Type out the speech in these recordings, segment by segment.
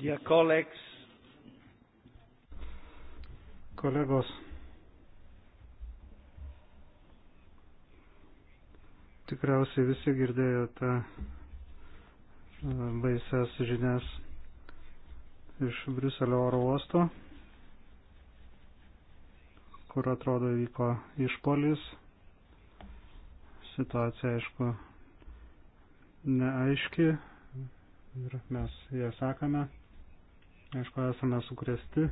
Dear colleagues, kolegos, tikriausiai visi girdėjote e, baises žinias iš Briuselio oro uosto, kur atrodo vyko išpolis. Situacija, aišku, neaiški ir mes ją sakame. Aišku, esame sukresti.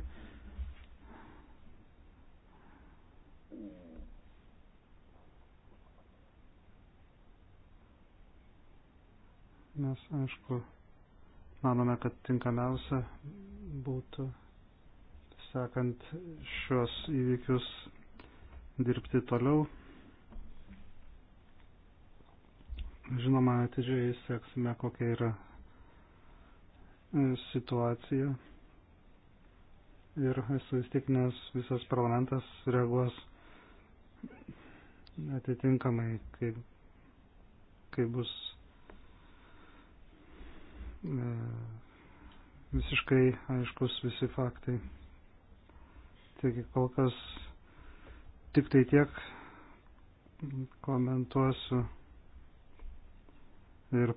Mes, aišku, manome, kad tinkamiausia būtų, sekant šios įvykius, dirbti toliau. Žinoma, atidžiai seksime, kokia yra e, situacija ir esu įstikinęs, visas parlamentas reaguos atitinkamai, kai, kai bus e, visiškai aiškus visi faktai. Taigi kol kas tik tai tiek komentuosiu ir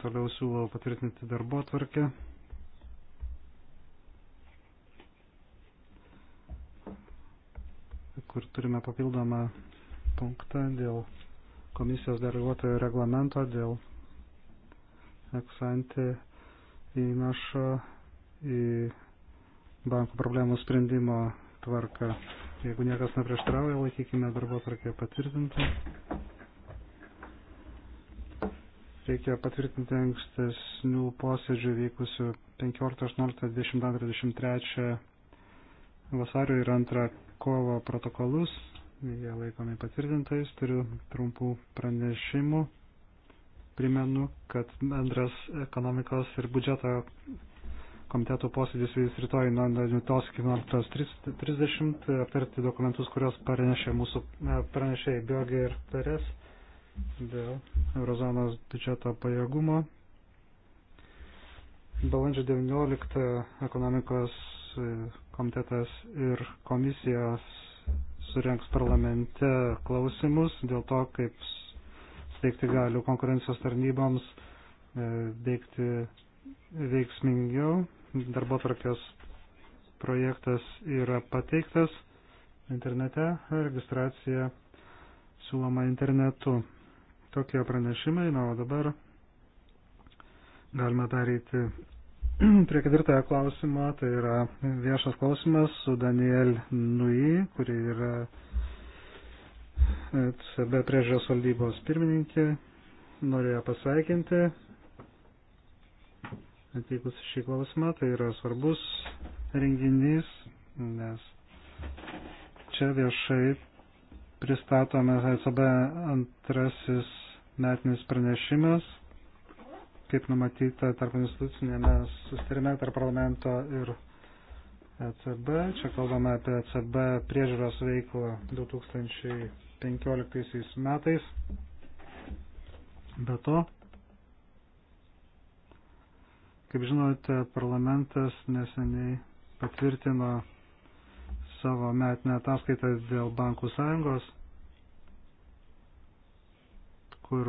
toliau siūlau patvirtinti darbo tvarkę. kur turime papildomą punktą dėl komisijos deleguotojo reglamento, dėl eksantį įnašo į bankų problemų sprendimo tvarką. Jeigu niekas neprieštrauja, laikykime darbo tvarkę patvirtintą. Reikia patvirtinti ankstesnių posėdžių vykusių 15, 18, 20, 23 vasario ir 2 kovo protokolus, jie laikomi patvirtintais, turiu trumpų pranešimų. Primenu, kad bendras ekonomikos ir biudžeto komiteto posėdis vis rytoj nuo 9 iki 11.30 aptarti dokumentus, kurios e, pranešė mūsų pranešėjai Biogė ir Peres dėl Eurozonos biudžeto pajėgumo. Balandžio 19 ekonomikos komitetas ir komisijos surenks parlamente klausimus dėl to, kaip steigti galių konkurencijos tarnyboms e, veikti veiksmingiau. Darbo tvarkės projektas yra pateiktas internete, registracija siūloma internetu. Tokie pranešimai, na o dabar galime daryti Mm, prie ketvirtojo klausimo, tai yra viešas klausimas su Daniel Nui, kuri yra e, CB priežiūros valdybos pirmininkė. Norėjau pasveikinti atvykus šį klausimą, tai yra svarbus renginys, nes čia viešai pristatome ECB antrasis metinis pranešimas kaip numatyta tarp institucinėme sustarime tarp parlamento ir ECB. Čia kalbame apie ECB priežiūros veiklą 2015 metais. Be to, kaip žinote, parlamentas neseniai patvirtino savo metinę ataskaitą dėl bankų sąjungos, kur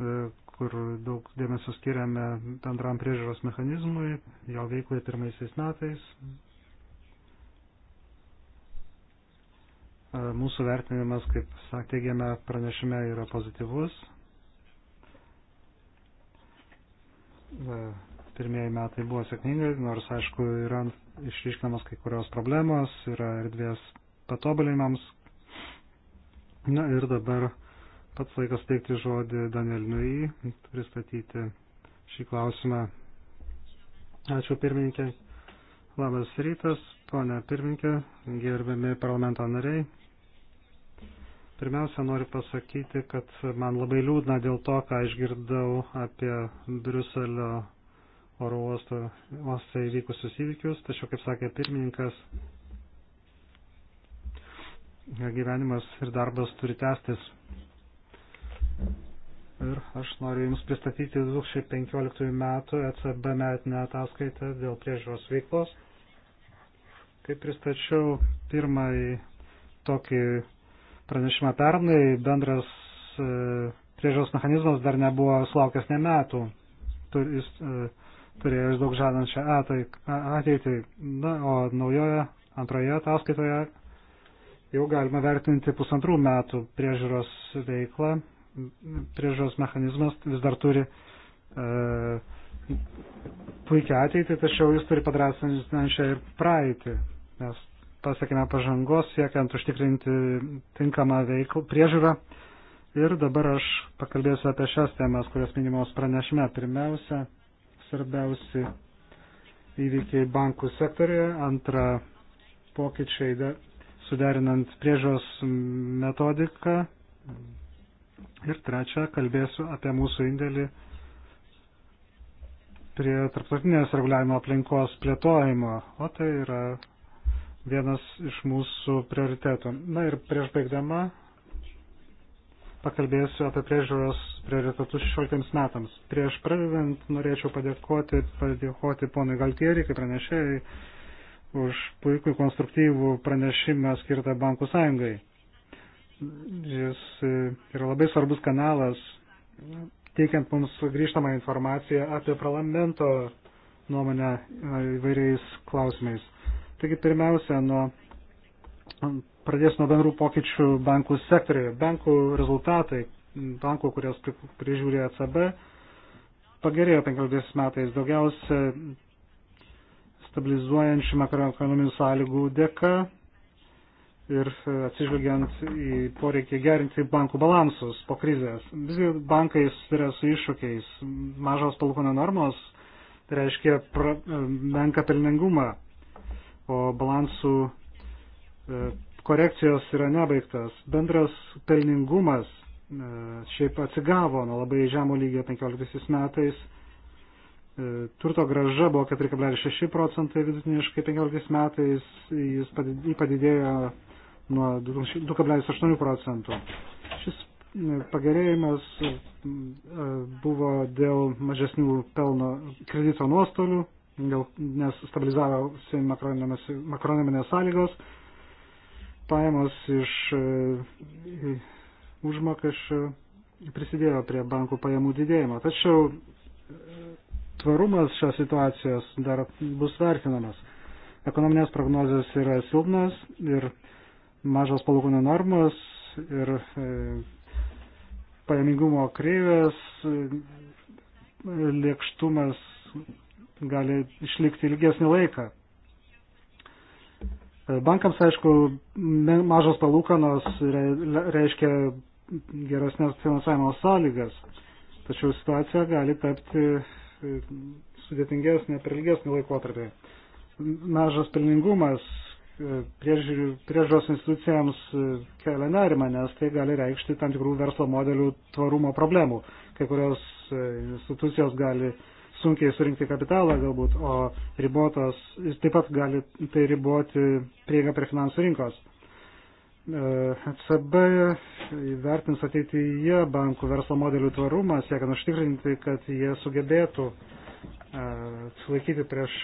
E, kur daug dėmesio skiriame bendram priežiūros mechanizmui, jo veiklai pirmaisiais metais. E, mūsų vertinimas, kaip sakėme, pranešime yra pozityvus. E, pirmieji metai buvo sėkmingai, nors aišku yra išryškinamas kai kurios problemos, yra erdvės patobulinimams. Na ir dabar uh, Pats laikas teikti žodį Danielnui, pristatyti šį klausimą. Ačiū pirmininkė. Labas rytas, ponia pirmininkė, gerbiami parlamento nariai. Pirmiausia, noriu pasakyti, kad man labai liūdna dėl to, ką išgirdau apie Briuselio oro uosto, uosto įvykusius įvykius, tačiau, kaip sakė pirmininkas, gyvenimas ir darbas turi tęstis. Ir aš noriu Jums pristatyti 2015 metų ECB metinę ataskaitą dėl priežiūros veiklos. Kai pristačiau pirmąjį tokį pranešimą pernai, bendras e, priežiūros mechanizmas dar nebuvo sulaukęs ne metų. Tur, jis, e, turėjo daug žadančią ateitį. Na, o naujoje antroje ataskaitoje jau galima vertinti pusantrų metų priežiūros veiklą priežos mechanizmas vis dar turi e, puikia ateitį, tačiau jis turi padrasinančią ir praeitį, nes pasiekime pažangos, siekiant užtikrinti tinkamą veiklą, priežiūrą. Ir dabar aš pakalbėsiu apie šias temas, kurias minimos pranešime. Pirmiausia, svarbiausi įvykiai bankų sektorėje, antra, pokyčiai suderinant priežos metodiką, Ir trečia, kalbėsiu apie mūsų indėlį prie tarptautinės reguliavimo aplinkos plėtojimo, o tai yra vienas iš mūsų prioritetų. Na ir prieš baigdama pakalbėsiu apie priežiūros prioritetus 16 metams. Prieš pradedant norėčiau padėkoti, padėkoti ponui Galtieriui, kaip pranešėjai, už puikų konstruktyvų pranešimą skirtą Bankų sąjungai jis yra labai svarbus kanalas, teikiant mums grįžtamą informaciją apie parlamento nuomonę e, įvairiais klausimais. Taigi pirmiausia, nuo, pradės nuo bendrų pokyčių bankų sektoriuje. Bankų rezultatai, bankų, kurios prižiūrė ECB, pagerėjo 15 metais daugiausia stabilizuojančių makroekonominių sąlygų dėka ir atsižvelgiant į poreikį gerinti bankų balansus po krizės. Visgi bankai susiduria su iššūkiais. Mažos palūkanų normos tai reiškia pra, e, menka pelningumą, o balansų e, korekcijos yra nebaigtas. Bendras pelningumas e, šiaip atsigavo nuo labai žemo lygio 15 metais. Turto graža buvo 4,6 procentai vidutiniškai 15 metais, jis padidėjo nuo 2,8 procentų. Šis pagerėjimas e, buvo dėl mažesnių pelno kredito nuostolių, dėl, nes stabilizavosi makronominės sąlygos, pajamos iš e, užmokesčių prisidėjo prie bankų pajamų didėjimo. Tačiau e, tvarumas šios situacijos dar bus vertinamas. Ekonominės prognozijos yra silpnas ir mažos palūkanų normos ir e, pajamingumo kreivės e, lėkštumas gali išlikti ilgesnį laiką. E, bankams, aišku, mažos palūkanos reiškia geresnės finansavimo sąlygas, tačiau situacija gali tapti e, sudėtingesnė per ilgesnį laikotarpį. Mažas pelningumas priežiūros institucijams e, kelia nerima, nes tai gali reikšti tam tikrų verslo modelių tvarumo problemų. Kai kurios e, institucijos gali sunkiai surinkti kapitalą galbūt, o ribotos, taip pat gali tai riboti prieigą prie finansų rinkos. ECB vertins ateityje bankų verslo modelių tvarumą, siekiant užtikrinti, kad jie sugebėtų uh, sulaikyti prieš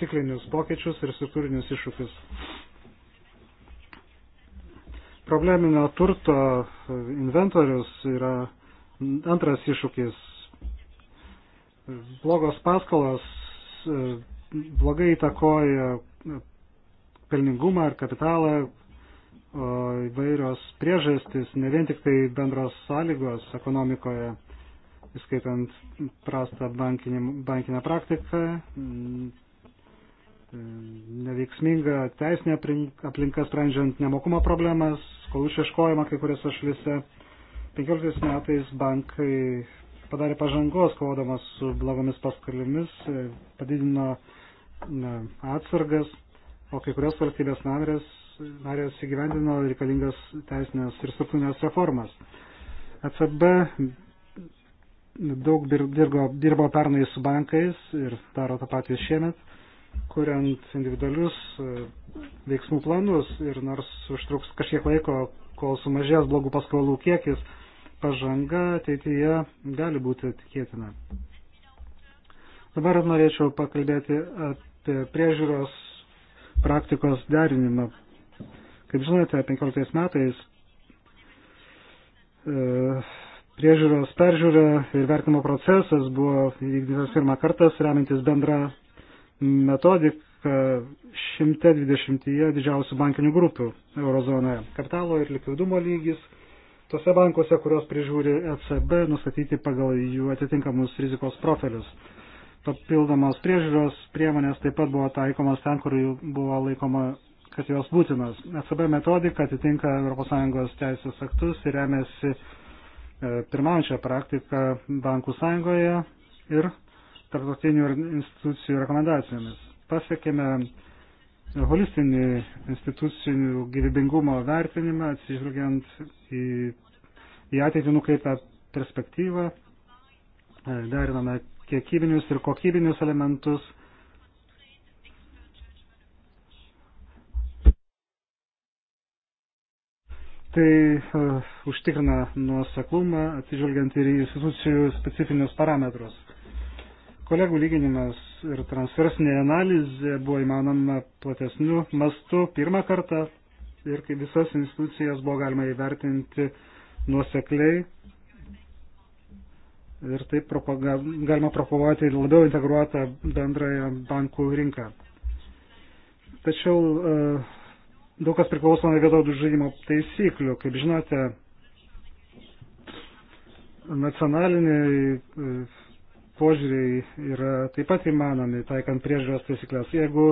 ciklinius pokyčius ir struktūrinius iššūkius. Probleminio turto inventorius yra antras iššūkis. Blogos paskolos blogai įtakoja pelningumą ar kapitalą, o įvairios priežastys, ne vien tik tai bendros sąlygos ekonomikoje įskaitant prastą bankinį, bankinę praktiką, neveiksminga teisinė aplinka sprendžiant nemokumo problemas, skolų išieškojimą kai kuriuose šalise. 15 metais bankai padarė pažangos, kovodamas su blogomis paskalimis, padidino atsargas, o kai kurios valstybės narės, narės įgyvendino reikalingas teisinės ir struktūrinės reformas. ECB daug dirbo, dirbo pernai su bankais ir daro tą patį šiemet, kuriant individualius e, veiksmų planus ir nors užtruks kažkiek laiko, kol sumažės blogų paskolų kiekis, pažanga ateityje gali būti tikėtina. Dabar norėčiau pakalbėti apie priežiūros praktikos derinimą. Kaip žinote, 15 metais e, priežiūros peržiūra ir vertimo procesas buvo įvykdytas pirmą kartą, remintis bendrą metodiką 120 didžiausių bankinių grupių eurozonoje. Kapitalo ir likvidumo lygis tose bankuose, kurios prižiūri ECB, nustatyti pagal jų atitinkamus rizikos profilius. Papildomos priežiūros priemonės taip pat buvo taikomos ten, kur jų buvo laikoma kad jos būtinos. ECB metodika atitinka ES teisės aktus ir remiasi E, pirmaujančią praktiką bankų sąjungoje ir tarptautinių institucijų rekomendacijomis. Pasiekėme holistinį institucijų gyvybingumo vertinimą, atsižvelgiant į, į ateitį nukreiptą perspektyvą, e, deriname kiekybinius ir kokybinius elementus Tai uh, užtikrina nuoseklumą atsižvelgiant ir į institucijų specifinius parametrus. Kolegų lyginimas ir transversinė analizė buvo įmanoma platesniu mastu pirmą kartą ir kaip visas institucijas buvo galima įvertinti nuosekliai ir taip propaga, galima propaguoti labiau integruotą bendrąją bankų rinką. Tačiau uh, daug kas priklauso nuo vienodų žaidimo taisyklių. Kaip žinote, nacionaliniai e, požiūriai yra taip pat įmanomi, taikant priežiūros taisyklės. Jeigu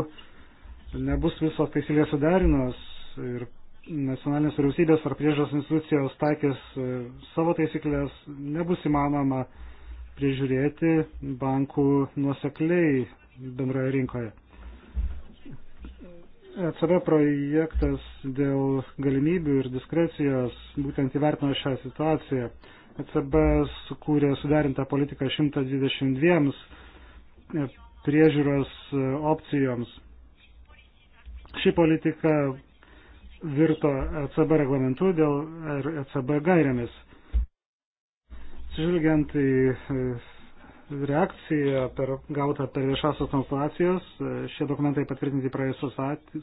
nebus visos taisyklės sudarinos ir nacionalinės vyriausybės ar priežiūros institucijos taikės e, savo taisyklės, nebus įmanoma prižiūrėti bankų nuosekliai bendroje rinkoje. ECB projektas dėl galimybių ir diskrecijos būtent įvertino šią situaciją. ECB sukūrė suderintą politiką 122 e, priežiūros e, opcijoms. Ši politika virto ECB reglamentu dėl er, ECB gairėmis. Atsižvelgiant į e, reakcija per, gauta per viešasios konsultacijas. Šie dokumentai patvirtinti praėjusios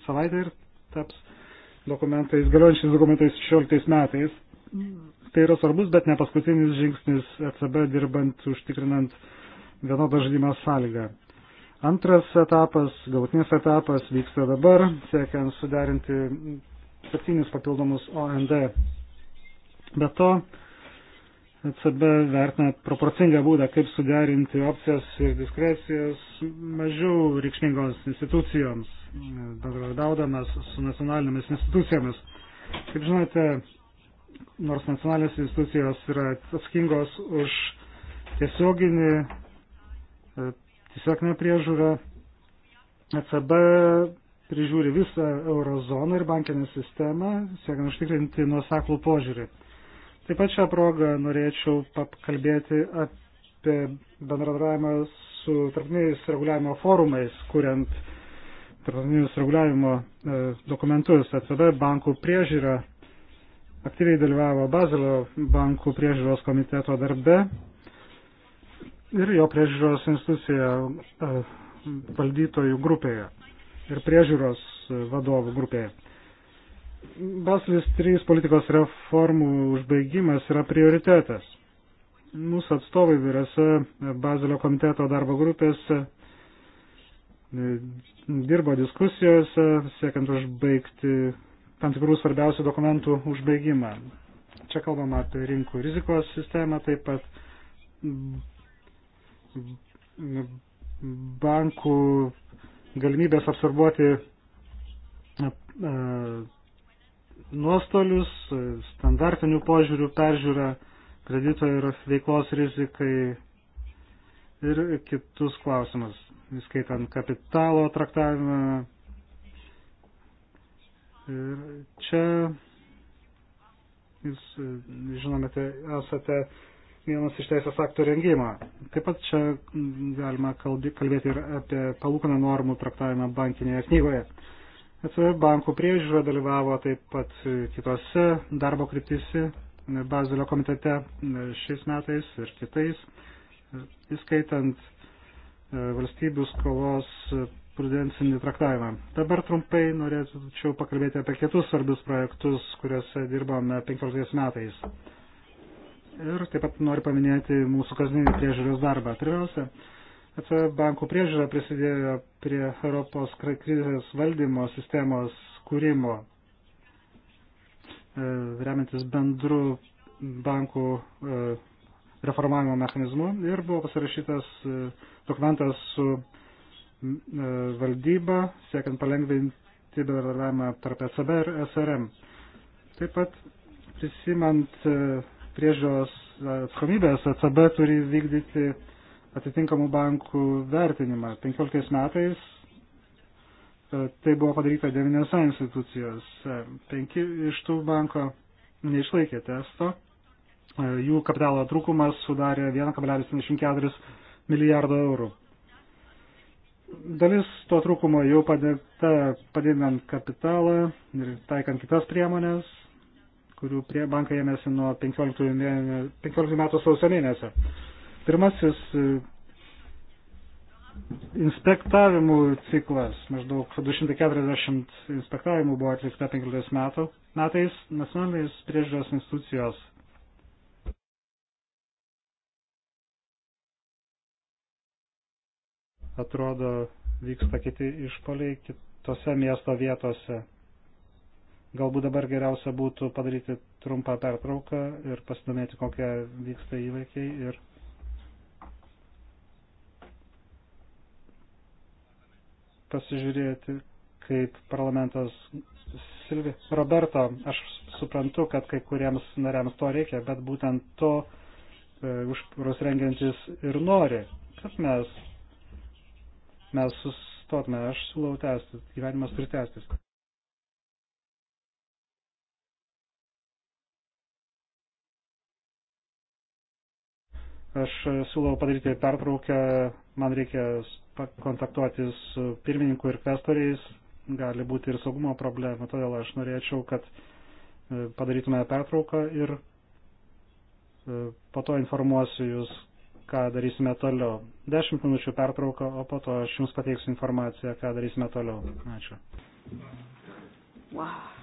savaitę ir taps dokumentais, galiojančiais dokumentais 16 metais. Tai yra svarbus, bet ne paskutinis žingsnis ECB dirbant užtikrinant vienodą žaidimą sąlygą. Antras etapas, galutinis etapas vyksta dabar, siekiant suderinti septynis papildomus OND. Be to, ECB vertina proporcingą būdą, kaip suderinti opcijas ir diskrecijas mažiau reikšmingoms institucijoms, bendradaudamas su nacionalinėmis institucijomis. Kaip žinote, nors nacionalinės institucijos yra atsakingos už tiesioginį, e, tiesioginę priežiūrą, ECB prižiūri visą eurozoną ir bankinę sistemą, siekiant užtikrinti nuoseklų požiūrį. Taip pat šią progą norėčiau pakalbėti apie bendradarbiavimą su tarptautiniais reguliavimo forumais, kuriant tarptautinius reguliavimo e, dokumentus. ECB bankų priežiūra aktyviai dalyvavo Bazilio bankų priežiūros komiteto darbe ir jo priežiūros institucija e, valdytojų grupėje ir priežiūros e, vadovų grupėje. Baslis 3 politikos reformų užbaigimas yra prioritetas. Mūsų atstovai vyriose Bazilio komiteto darbo grupėse e, dirbo diskusijose, siekiant užbaigti tam tikrų svarbiausių dokumentų užbaigimą. Čia kalbama apie rinkų rizikos sistemą, taip pat bankų galimybės absorbuoti e, nuostolius, standartinių požiūrių peržiūrą, kredito ir veiklos rizikai ir kitus klausimus, įskaitant kapitalo traktavimą. Ir čia jūs, e, žinome, esate vienas iš teisės aktų rengimo. Taip pat čia galima kalbėti ir apie palūkanų normų traktavimą bankinėje knygoje. ECB bankų priežiūra dalyvavo taip pat kitose darbo kryptise Bazilio komitete šiais metais ir kitais, įskaitant e, valstybių skolos prudencinį traktavimą. Dabar trumpai norėčiau pakalbėti apie kitus svarbius projektus, kuriuose dirbame 15 metais. Ir taip pat noriu paminėti mūsų kasdienį priežiūros darbą. Pirmiausia, ECB bankų priežiūra prisidėjo prie Europos krizės valdymo sistemos kūrimo, e, remiantis bendru bankų e, reformavimo mechanizmu ir buvo pasirašytas e, dokumentas su valdyba, siekiant palengvinti bendradarbiavimą tarp ECB ir SRM. Taip pat prisimant priežiūros atsakomybės, ECB turi vykdyti atitinkamų bankų vertinimą. 15 metais e, tai buvo padaryta devyniose institucijose. Penki iš tų banko neišlaikė testo. E, jų kapitalo trūkumas sudarė 1,74 milijardo eurų. Dalis to trūkumo jau padėta padidinant kapitalą ir taikant kitas priemonės, kurių prie bankai ėmėsi nuo 15, mėne, 15 metų sausio mėnesio. Pirmasis e, inspektavimų ciklas, maždaug 240 inspektavimų buvo atlikta 15 metų, metais nacionalinės priežiūros institucijos. Atrodo, vyksta kiti išpoliai kitose miesto vietose. Galbūt dabar geriausia būtų padaryti trumpą pertrauką ir pasidomėti, kokie vyksta įvykiai ir pasižiūrėti, kaip parlamentas Silvi. Roberto, aš suprantu, kad kai kuriems nariams to reikia, bet būtent to e, už kurus rengiantis ir nori, kad mes, mes sustotume. Aš siūlau tęsti, gyvenimas turi tęstis. Aš siūlau padaryti pertrauką man reikia kontaktuoti su pirmininku ir kvestoriais, gali būti ir saugumo problemų, todėl aš norėčiau, kad e, padarytume pertrauką ir e, po to informuosiu jūs, ką darysime toliau. Dešimt minučių pertrauką, o po to aš jums pateiksiu informaciją, ką darysime toliau. Ačiū. Wow.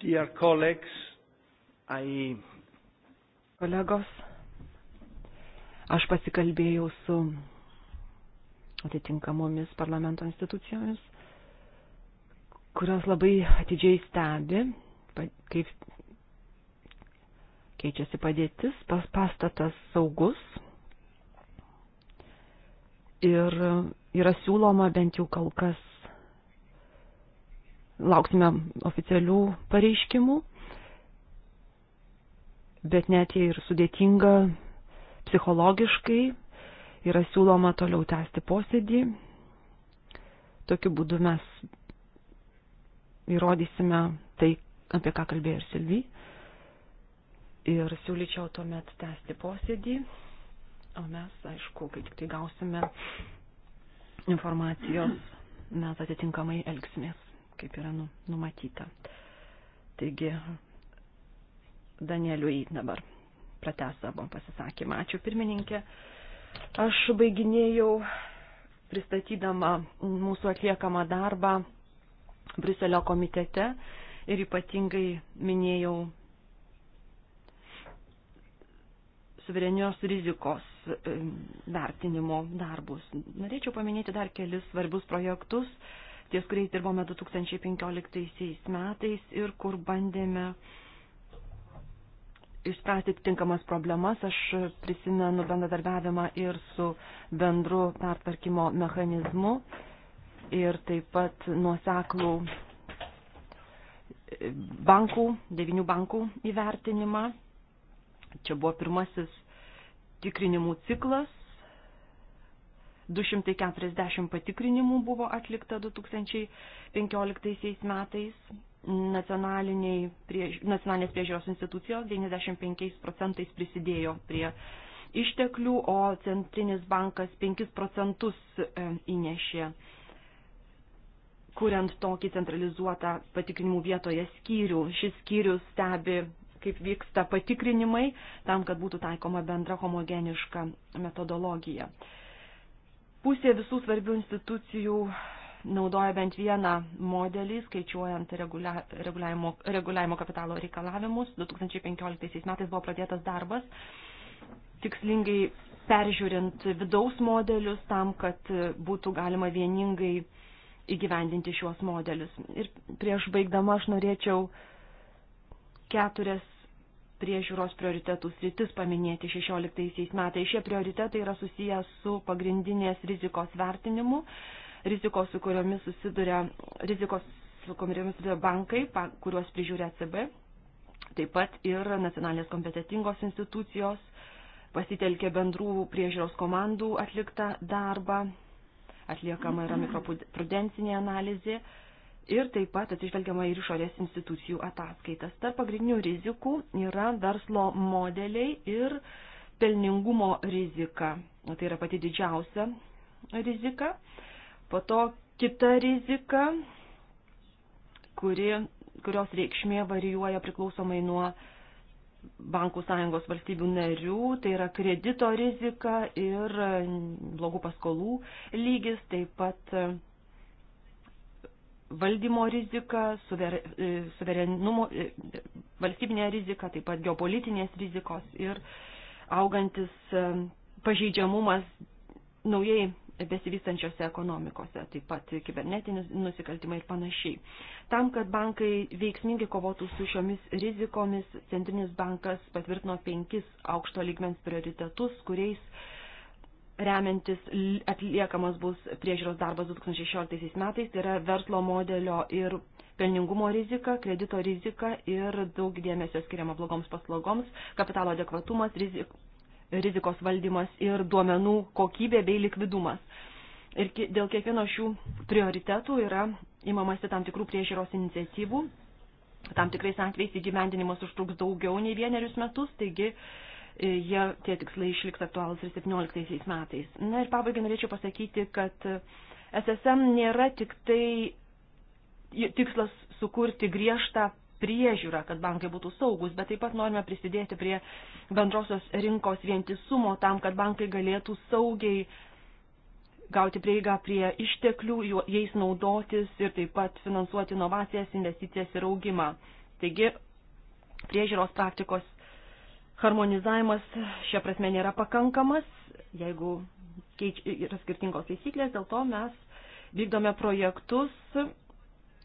Dear colleagues, I... Kolegos, aš pasikalbėjau su atitinkamomis parlamento institucijomis, kurios labai atidžiai stebi, kaip keičiasi padėtis, pas pastatas saugus ir yra siūloma bent jau kol kas lauksime oficialių pareiškimų, bet net jei ir sudėtinga psichologiškai yra siūloma toliau tęsti posėdį. Tokiu būdu mes įrodysime tai, apie ką kalbėjo ir Silvi. Ir siūlyčiau tuomet tęsti posėdį, o mes, aišku, kai tik tai gausime informacijos, mes atitinkamai elgsimės kaip yra nu, numatyta. Taigi, Danieliui dabar pratęs savo pasisakymą. Ačiū pirmininkė. Aš baiginėjau pristatydama mūsų atliekamą darbą Briuselio komitete ir ypatingai minėjau suverenios rizikos e, vertinimo darbus. Norėčiau paminėti dar kelis svarbius projektus, ties kuriais dirbome 2015 metais ir kur bandėme išspręsti tinkamas problemas. Aš prisimenu bendradarbiavimą ir su bendru pertvarkymo mechanizmu ir taip pat nuoseklų bankų, devinių bankų įvertinimą. Čia buvo pirmasis tikrinimų ciklas 240 patikrinimų buvo atlikta 2015 metais. Priež... Nacionalinės priežiūros institucijos 95 procentais prisidėjo prie išteklių, o Centrinis bankas 5 procentus e, įnešė, kuriant tokį centralizuotą patikrinimų vietoje skyrių. Šis skyrius stebi kaip vyksta patikrinimai, tam, kad būtų taikoma bendra homogeniška metodologija. Pusė visų svarbių institucijų naudoja bent vieną modelį, skaičiuojant regulia, reguliavimo, reguliavimo kapitalo reikalavimus. 2015 metais buvo pradėtas darbas, tikslingai peržiūrint vidaus modelius tam, kad būtų galima vieningai įgyvendinti šiuos modelius. Ir prieš baigdama aš norėčiau keturias priežiūros prioritetų sritis paminėti 16 metais. Šie prioritetai yra susiję su pagrindinės rizikos vertinimu, rizikos, su kuriomis susiduria, rizikos, su kuriomis susiduria bankai, kuriuos prižiūri ECB, taip pat ir nacionalinės kompetitingos institucijos pasitelkė bendrų priežiūros komandų atliktą darbą, atliekama yra mikroprudencinė analizė. Mm -hmm ir taip pat atsižvelgiama ir išorės institucijų ataskaitas. Tarp pagrindinių rizikų yra verslo modeliai ir pelningumo rizika. Tai yra pati didžiausia rizika. Po to kita rizika, kuri, kurios reikšmė varijuoja priklausomai nuo bankų sąjungos valstybių narių, tai yra kredito rizika ir blogų paskolų lygis, taip pat valdymo rizika, suver, e, suverenumo, e, valstybinė rizika, taip pat geopolitinės rizikos ir augantis e, pažeidžiamumas naujai besivystančiose ekonomikose, taip pat kibernetinis nusikaltimai ir panašiai. Tam, kad bankai veiksmingai kovotų su šiomis rizikomis, Centrinis bankas patvirtino penkis aukšto lygmens prioritetus, kuriais remiantis atliekamas bus priežiūros darbas 2016 metais, tai yra verslo modelio ir pelningumo rizika, kredito rizika ir daug dėmesio skiriama blogoms paslaugoms, kapitalo adekvatumas, rizik, rizikos valdymas ir duomenų kokybė bei likvidumas. Ir dėl kiekvieno šių prioritetų yra imamasi tam tikrų priežiūros iniciatyvų. Tam tikrais atvejais įgyvendinimas užtruks daugiau nei vienerius metus, taigi uh, E, jie, tie tikslai išliks aktualūs ir 17 metais. Na ir pabaigai norėčiau pasakyti, kad SSM nėra tik tai tikslas sukurti griežtą priežiūrą, kad bankai būtų saugus, bet taip pat norime prisidėti prie bendrosios rinkos vientisumo tam, kad bankai galėtų saugiai gauti prieigą prie išteklių, jais naudotis ir taip pat finansuoti inovacijas, investicijas ir augimą. Taigi, priežiūros praktikos harmonizavimas šia prasme nėra pakankamas, jeigu keič, yra skirtingos taisyklės, dėl to mes vykdome projektus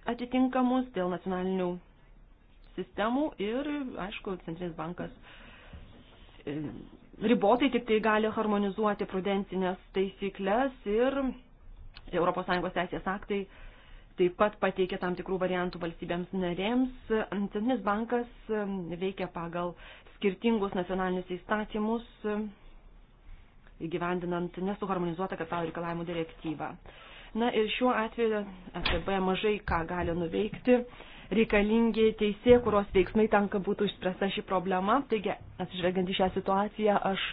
atitinkamus dėl nacionalinių sistemų ir, aišku, Centrinis bankas e, ribotai tik tai gali harmonizuoti prudencinės taisyklės ir ES teisės aktai taip pat pateikia tam tikrų variantų valstybėms narėms. Centrinis bankas e, veikia pagal skirtingus nacionalinius įstatymus, e, įgyvendinant nesuharmonizuotą kapitalų reikalavimų direktyvą. Na ir šiuo atveju ECB mažai ką gali nuveikti, reikalingi teisė, kurios veiksmai tenka būtų išspręsta ši problema. Taigi, atsižvelgiant į šią situaciją, aš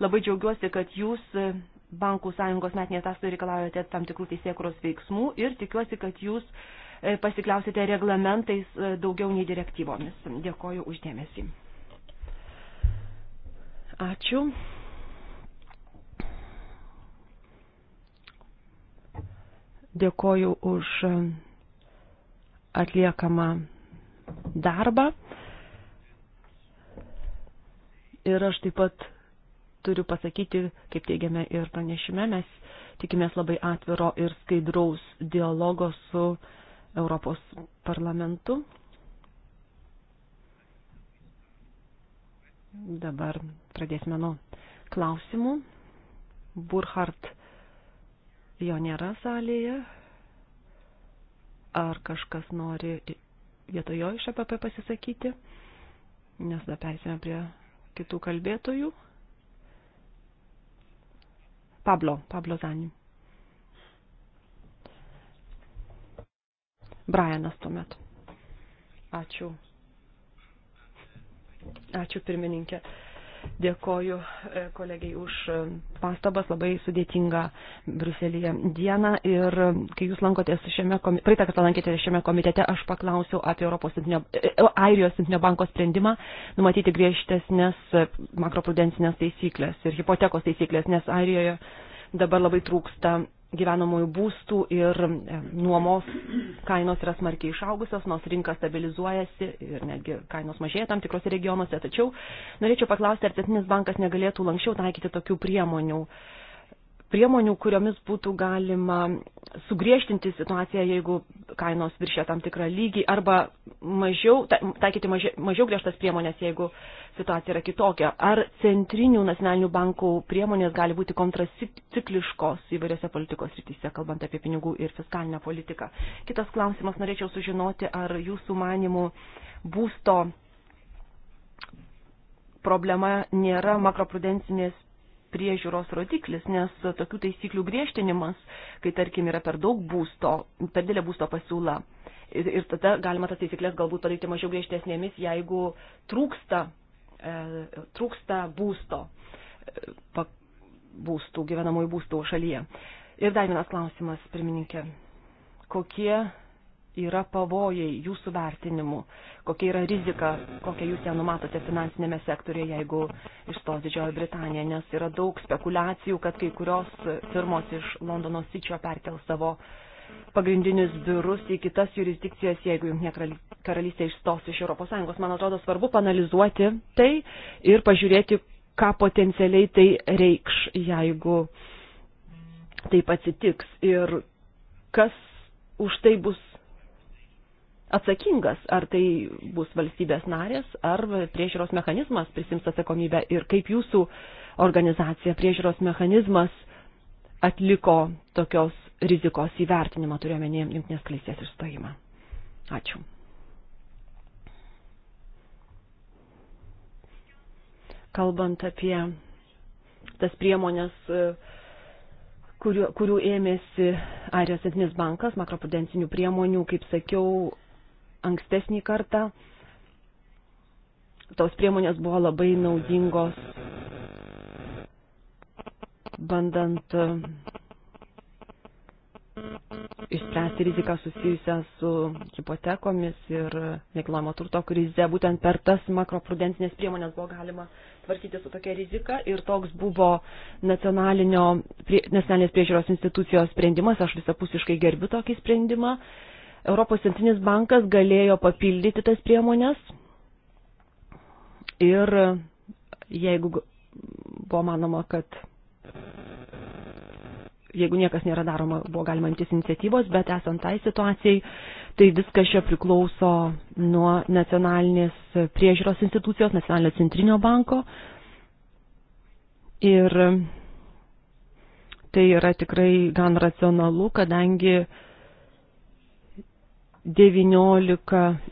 labai džiaugiuosi, kad jūs e, bankų sąjungos metinėje ataskaitoje reikalaujate tam tikrų teisė, kurios veiksmų ir tikiuosi, kad jūs e, pasikliausite reglamentais daugiau nei direktyvomis. Dėkoju uždėmesį. Ačiū. Dėkoju už atliekamą darbą. Ir aš taip pat turiu pasakyti, kaip teigiame ir pranešime, mes tikimės labai atviro ir skaidraus dialogo su Europos parlamentu. Dabar pradėsime nuo klausimų. Burhart jo nėra salėje. Ar kažkas nori vietojo iš APP pasisakyti? Nes tada persime prie kitų kalbėtojų. Pablo, Pablo Zanim. Brianas tuomet. Ačiū. Ačiū pirmininkė. Uh, Dėkoju e, kolegiai už e, pastabas, labai sudėtinga Bruselėje diena. Ir e, kai jūs lankotės šiame komitete, praeitą kartą lankėtės šiame komitete, aš paklausiau apie Europos centrinio, Airijos centrinio banko sprendimą numatyti griežtesnės makroprudencinės taisyklės ir hipotekos taisyklės, nes Airijoje dabar labai trūksta gyvenamųjų būstų ir e, nuomos kainos yra smarkiai išaugusios, nors rinka stabilizuojasi ir netgi kainos mažėja tam tikrose regionuose. Tačiau norėčiau paklausti, ar Centrinis bankas negalėtų lankščiau taikyti tokių priemonių, priemonių, kuriomis būtų galima sugriežtinti situaciją, jeigu kainos viršė tam tikrą lygį, arba mažiau, taikyti mažiau, mažiau griežtas priemonės, jeigu situacija yra kitokia. Ar centrinių nacionalinių bankų priemonės gali būti kontracikliškos įvairiose politikos rytise, kalbant apie pinigų ir fiskalinę politiką? Kitas klausimas, norėčiau sužinoti, ar jūsų manimų būsto problema nėra makroprudencinės priežiūros rodiklis, nes tokių taisyklių griežtinimas, kai tarkim yra per daug būsto, per didelė būsto pasiūla. Ir, ir tada galima tas taisyklės galbūt padaryti mažiau griežtesnėmis, jeigu trūksta, e, trūksta būsto, e, pa, būstų, gyvenamųjų būstų šalyje. Ir dar vienas klausimas, pirmininkė. Kokie yra pavojai jūsų vertinimu, kokia yra rizika, kokią jūs ją numatote finansinėme sektorėje, jeigu išstos Didžioji Britanija, nes yra daug spekulacijų, kad kai kurios firmos iš Londono sičio perkel savo pagrindinius biurus į kitas jurisdikcijas, jeigu Junktinė karalystė išstos iš ES. Man atrodo svarbu panalizuoti tai ir pažiūrėti, ką potencialiai tai reikš, jeigu taip atsitiks ir kas už tai bus atsakingas, ar tai bus valstybės narės, ar priežiūros mechanizmas prisims atsakomybę ir kaip jūsų organizacija priežiūros mechanizmas atliko tokios rizikos įvertinimą, turiuomenį jungtinės kalystės išstojimą. Ačiū. Kalbant apie tas priemonės, kurių, kurių ėmėsi Airijos centrinis bankas, makroprudencinių priemonių, kaip sakiau, ankstesnį kartą. Tos priemonės buvo labai naudingos, bandant uh, išspręsti riziką susijusią su hipotekomis ir nekilnojamo turto krize. Būtent per tas makroprudencinės priemonės buvo galima tvarkyti su tokia rizika ir toks buvo nacionalinės priežiūros institucijos sprendimas. Aš visapusiškai gerbiu tokį sprendimą Europos centrinis bankas galėjo papildyti tas priemonės ir jeigu buvo manoma, kad jeigu niekas nėra daroma, buvo galima imtis iniciatyvos, bet esant tai situacijai, tai viskas čia priklauso nuo nacionalinės priežiūros institucijos, nacionalinio centrinio banko. Ir tai yra tikrai gan racionalu, kadangi uh, 19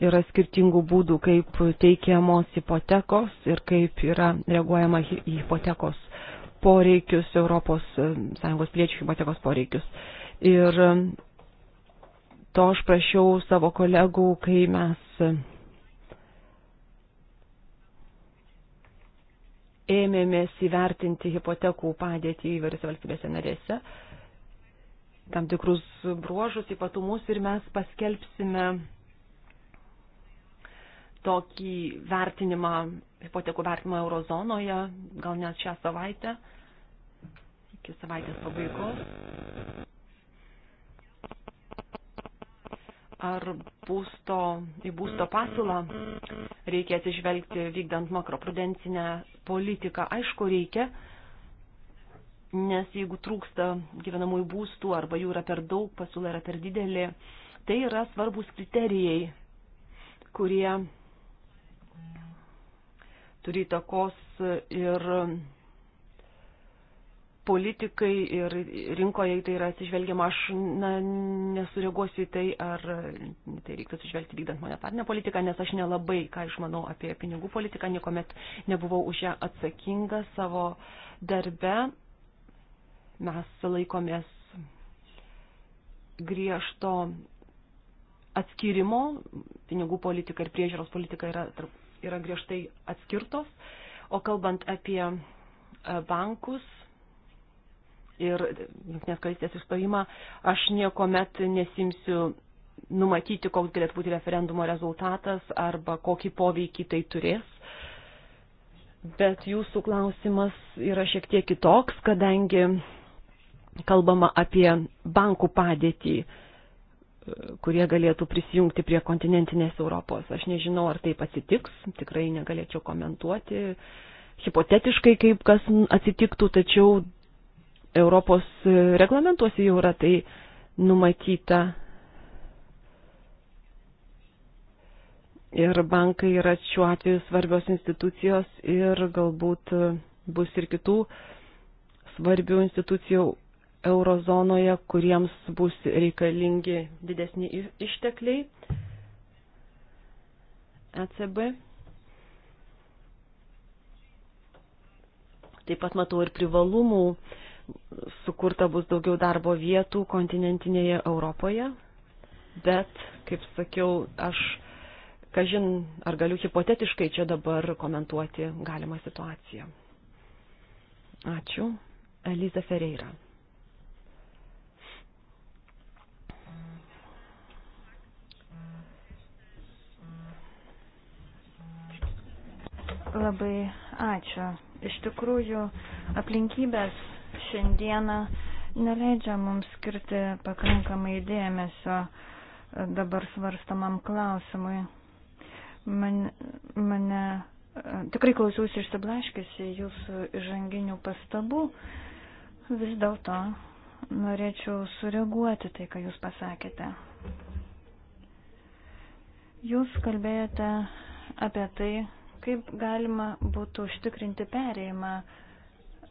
yra skirtingų būdų, kaip teikiamos hipotekos ir kaip yra reaguojama į hipotekos poreikius, ES e, piliečių hipotekos poreikius. Ir e, to aš prašiau savo kolegų, kai mes e, ėmėmės įvertinti hipotekų padėtį įvairiose valstybėse narėse tam tikrus bruožus, ypatumus ir mes paskelbsime tokį vertinimą, hipotekų vertinimą eurozonoje, gal net šią savaitę, iki savaitės pabaigos. Ar būsto, į būsto pasiūlą reikia atsižvelgti vykdant makroprudencinę politiką? Aišku, reikia nes jeigu trūksta gyvenamųjų būstų arba jų yra per daug, pasiūla yra per didelė, tai yra svarbus kriterijai, kurie turi takos ir politikai ir rinkoje tai yra atsižvelgiama, aš na, nesureaguosiu į tai, ar tai reiktų atsižvelgti vykdant monetarinę politiką, nes aš nelabai, ką išmanau apie pinigų politiką, niekuomet nebuvau už ją atsakinga savo darbe mes laikomės griežto atskirimo, pinigų politika ir priežiūros politika yra, yra griežtai atskirtos, o kalbant apie e, bankus ir Junktinės karalystės išstojimą, aš nieko met nesimsiu numatyti, koks galėtų būti referendumo rezultatas arba kokį poveikį tai turės. Bet jūsų klausimas yra šiek tiek kitoks, kadangi kalbama apie bankų padėtį, e, kurie galėtų prisijungti prie kontinentinės Europos. Aš nežinau, ar taip atsitiks, tikrai negalėčiau komentuoti hipotetiškai, kaip kas atsitiktų, tačiau Europos reglamentuose jau yra tai numatyta. Ir bankai yra šiuo atveju svarbios institucijos ir galbūt bus ir kitų svarbių institucijų eurozonoje, kuriems bus reikalingi didesni ištekliai. ECB. Taip pat matau ir privalumų, sukurta bus daugiau darbo vietų kontinentinėje Europoje, bet, kaip sakiau, aš, kažin, ar galiu hipotetiškai čia dabar komentuoti galimą situaciją. Ačiū. Eliza Ferreira. Labai ačiū. Iš tikrųjų, aplinkybės šiandieną neleidžia mums skirti pakankamai dėmesio dabar svarstamam klausimui. Man, mane tikrai klausiausi išsiblaškiusi jūsų žanginių pastabų. Vis dėlto norėčiau sureaguoti tai, ką jūs pasakėte. Jūs kalbėjote apie tai, kaip galima būtų užtikrinti perėjimą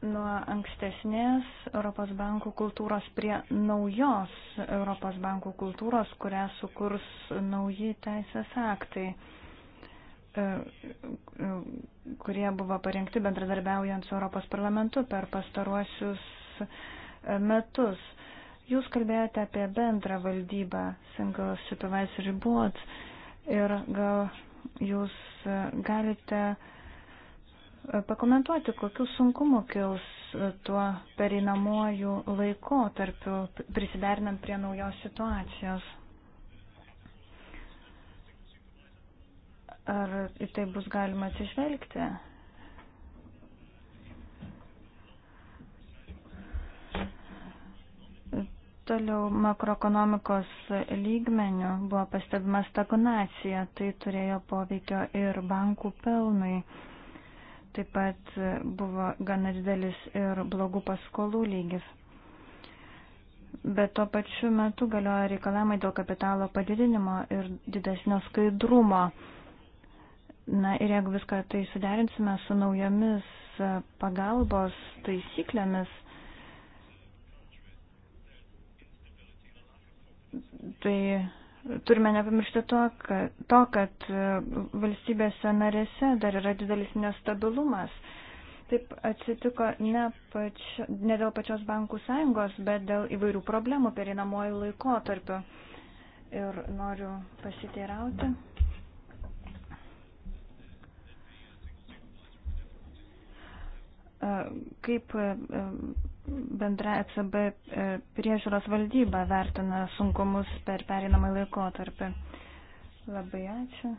nuo ankstesnės Europos bankų kultūros prie naujos Europos bankų kultūros, kurią sukurs nauji teisės aktai, e, e, kurie buvo parengti bendradarbiaujant su Europos parlamentu per pastaruosius e, metus. Jūs kalbėjote apie bendrą valdybą, Single Supervisory Board, ir gal Jūs e, galite e, pakomentuoti, kokiu sunkumu kils e, tuo pereinamuoju laikotarpiu prisiderinant prie naujos situacijos. Ar į tai bus galima atsižvelgti? Toliau makroekonomikos lygmenių buvo pastebima stagnacija, tai turėjo poveikio ir bankų pelnui. Taip pat buvo gana didelis ir blogų paskolų lygis. Bet tuo pačiu metu galioja reikalavimai dėl kapitalo padidinimo ir didesnio skaidrumo. Na ir jeigu viską tai suderinsime su naujomis pagalbos taisyklėmis, Tai turime nepamiršti to, kad, to, kad e, valstybėse narėse dar yra didelis nestabilumas. Taip atsitiko ne, pač, ne dėl pačios bankų sąjungos, bet dėl įvairių problemų perinamuoju laikotarpiu. Ir noriu pasiteirauti. Mm. E, kaip e, e, bendra ECB priežiūros valdyba vertina sunkumus per pereinamą laikotarpį? Labai ačiū.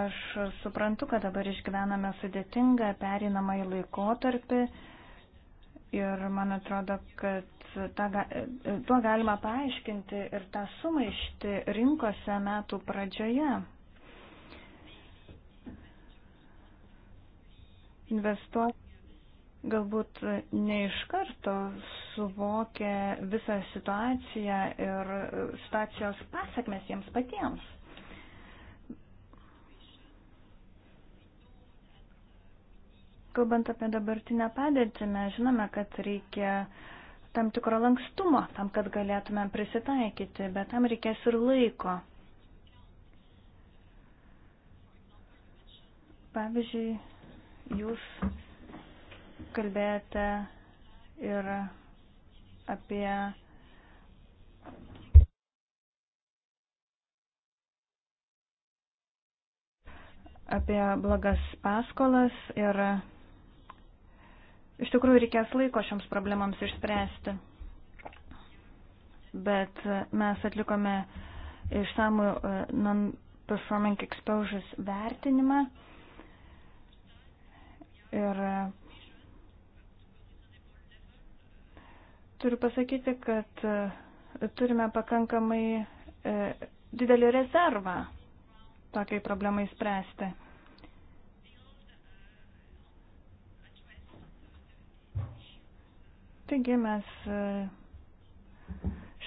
Aš suprantu, kad dabar išgyvename sudėtingą pereinamą laikotarpį ir man atrodo, kad ta, tuo galima paaiškinti ir tą sumaišti rinkose metų pradžioje. Investuoti galbūt ne iš karto suvokia visą situaciją ir situacijos pasakmes jiems patiems. Kalbant apie dabartinę padėtį, mes žinome, kad reikia tam tikro lankstumo, tam, kad galėtume prisitaikyti, bet tam reikės ir laiko. Pavyzdžiui, jūs kalbėjote ir apie apie blogas paskolas ir iš tikrųjų reikės laiko šioms problemams išspręsti. Bet mes atlikome išsamų e, non-performing exposures vertinimą ir Turiu pasakyti, kad e, turime pakankamai e, didelį rezervą tokiai problemai spręsti. Taigi mes e,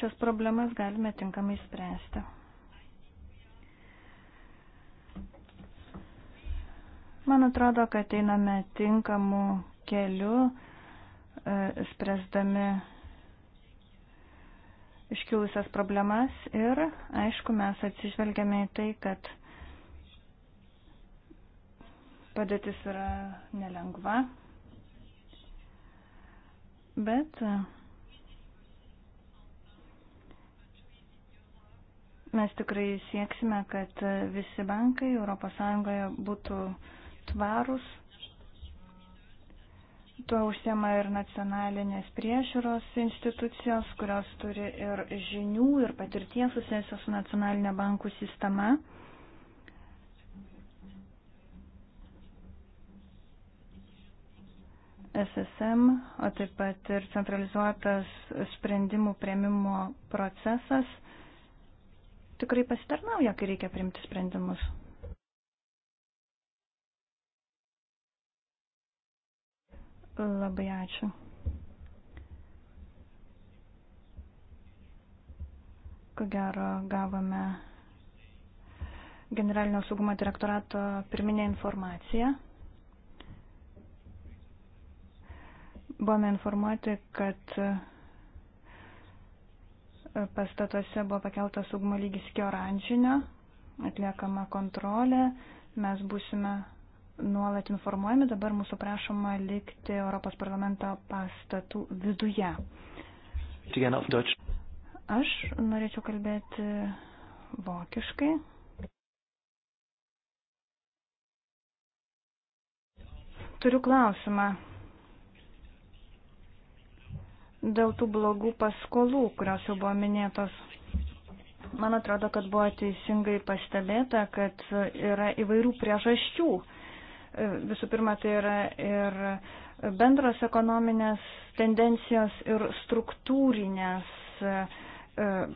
šias problemas galime tinkamai spręsti. Man atrodo, kad einame tinkamu keliu, spręsdami iškilusias problemas ir, aišku, mes atsižvelgiame į tai, kad padėtis yra nelengva, bet mes tikrai sieksime, kad visi bankai ES būtų tvarūs Tuo užsiema ir nacionalinės priežiūros institucijos, kurios turi ir žinių, ir patirties susijusios su nacionalinė bankų sistema. SSM, o taip pat ir centralizuotas sprendimų prieimimo procesas tikrai pasitarnauja, kai reikia priimti sprendimus. Labai ačiū. Ko gero gavome generalinio saugumo direktorato pirminę informaciją. Buvome informuoti, kad pastatuose buvo pakeltas saugumo lygis iki oranžinio, atliekama kontrolė, mes būsime nuolat informuojami, dabar mūsų prašoma likti Europos parlamento pastatų viduje. Aš norėčiau kalbėti vokiškai. Turiu klausimą dėl tų blogų paskolų, kurios jau buvo minėtos. Man atrodo, kad buvo teisingai pastebėta, kad yra įvairių priežasčių Visų pirma, tai yra ir bendros ekonominės tendencijos ir struktūrinės e,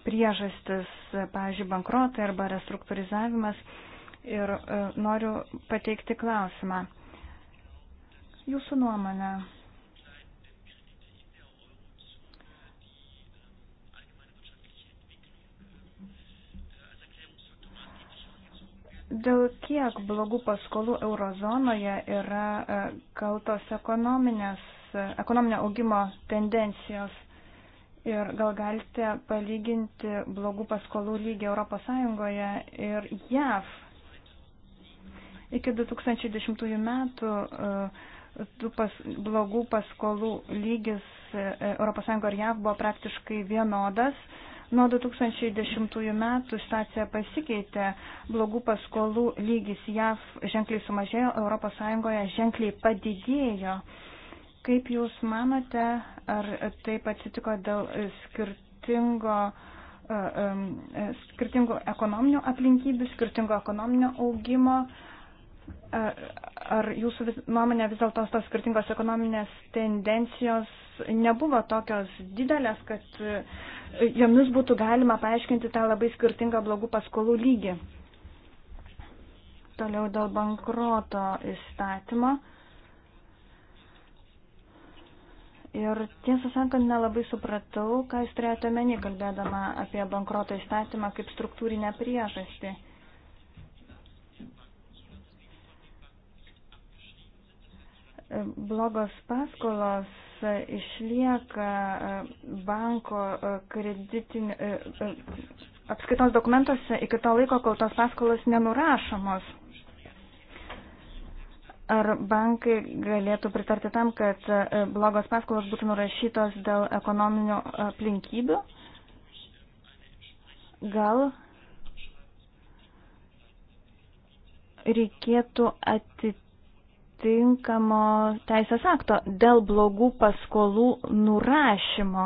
priežastis, pavyzdžiui, bankrotai arba restruktūrizavimas. Ir e, noriu pateikti klausimą. Jūsų nuomonė, Dėl kiek blogų paskolų eurozonoje yra e, kaltos e, ekonominio augimo tendencijos ir gal galite palyginti blogų paskolų lygį ES ir JAV. Iki 2010 metų e, tų pas, blogų paskolų lygis ES ir JAV buvo praktiškai vienodas Nuo 2010 metų situacija pasikeitė, blogų paskolų lygis JAV ženkliai sumažėjo, ES ženkliai padidėjo. Kaip Jūs manote, ar taip atsitiko dėl skirtingo, e, e, skirtingų ekonominių aplinkybių, skirtingo ekonominio augimo? E, Ar jūsų vis, nuomonė vis dėlto tos skirtingos ekonominės tendencijos nebuvo tokios didelės, kad e, jomis būtų galima paaiškinti tą labai skirtingą blogų paskolų lygį? Toliau dėl bankroto įstatymo. Ir tiesą sakant, nelabai supratau, ką jūs turėjote meni, kalbėdama apie bankroto įstatymą kaip struktūrinę priežastį. blogos paskolos e, išlieka e, banko e, kreditinio apskaitos dokumentuose iki to laiko, kol tos paskolos nenurašomos. Ar bankai galėtų pritarti tam, kad blogos paskolos būtų nurašytos dėl ekonominių aplinkybių? Gal reikėtų atitikti atitinkamo teisės akto dėl blogų paskolų nurašymo.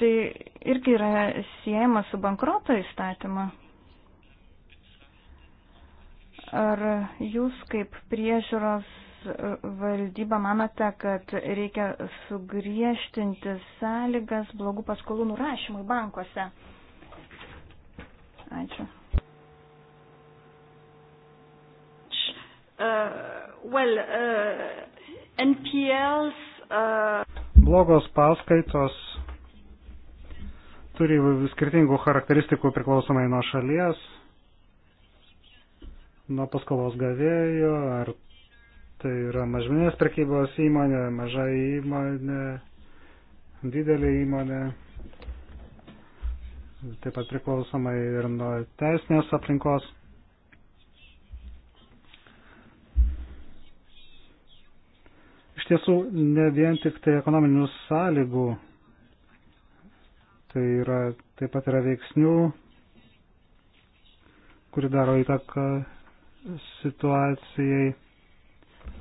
Tai irgi yra siejama su bankroto įstatymu. Ar jūs kaip priežiūros valdyba manote, kad reikia sugriežtinti sąlygas blogų paskolų nurašymui bankuose? Ačiū. Uh, well, uh, NPLs. Uh, Blogos paskaitos turi skirtingų charakteristikų priklausomai nuo šalies, nuo paskolos gavėjo, ar tai yra mažminės prekybos įmonė, maža įmonė, didelė įmonė, taip pat priklausomai ir nuo teisinės aplinkos. iš tiesų ne vien tik tai ekonominių sąlygų, tai yra, taip pat yra veiksnių, kuri daro įtaką situacijai.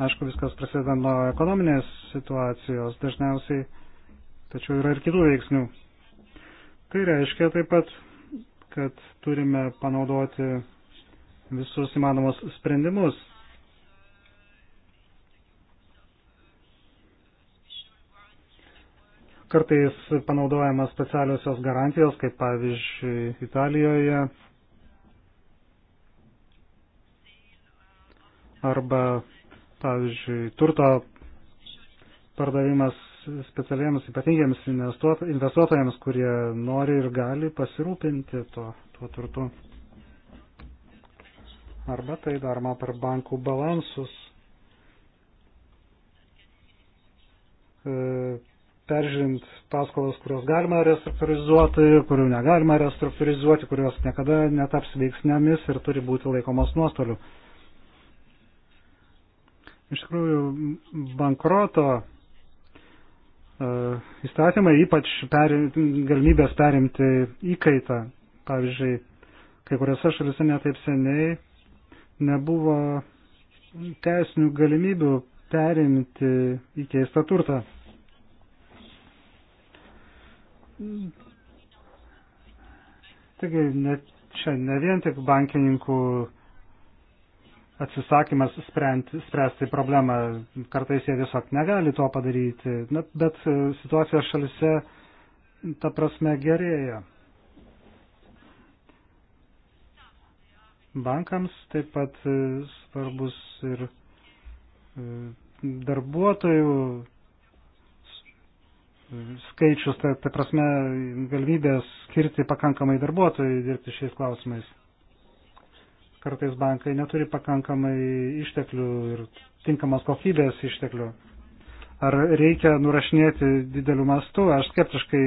Aišku, viskas prasideda nuo ekonominės situacijos dažniausiai, tačiau yra ir kitų veiksnių. Tai reiškia taip pat, kad turime panaudoti visus įmanomus sprendimus Kartais panaudojamas specialiosios garantijos, kaip pavyzdžiui Italijoje arba pavyzdžiui turto pardavimas specialiems ypatingiems investuotojams, kurie nori ir gali pasirūpinti tuo, tuo turtu. Arba tai daroma per bankų balansus. E, peržiūrint paskolas, kurios galima restruktūrizuoti, kurių negalima restruktūrizuoti, kurios niekada netaps veiksnėmis ir turi būti laikomos nuostolių. Iš tikrųjų, bankroto uh, įstatymai, ypač per, galimybės perimti įkaitą, pavyzdžiui, kai kuriuose šalise netaip seniai nebuvo teisinių galimybių perimti įkeistą turtą. Taigi, ne, čia ne vien tik bankininkų atsisakymas sprendti, spręsti problemą, kartais jie tiesiog negali to padaryti, bet, bet situacija šalise ta prasme gerėja. Bankams taip pat e, svarbus ir e, darbuotojų skaičius, tai, tai prasme galimybės skirti pakankamai darbuotojų dirbti šiais klausimais. Kartais bankai neturi pakankamai išteklių ir tinkamos kokybės išteklių. Ar reikia nurašinėti dideliu mastu? Aš skeptiškai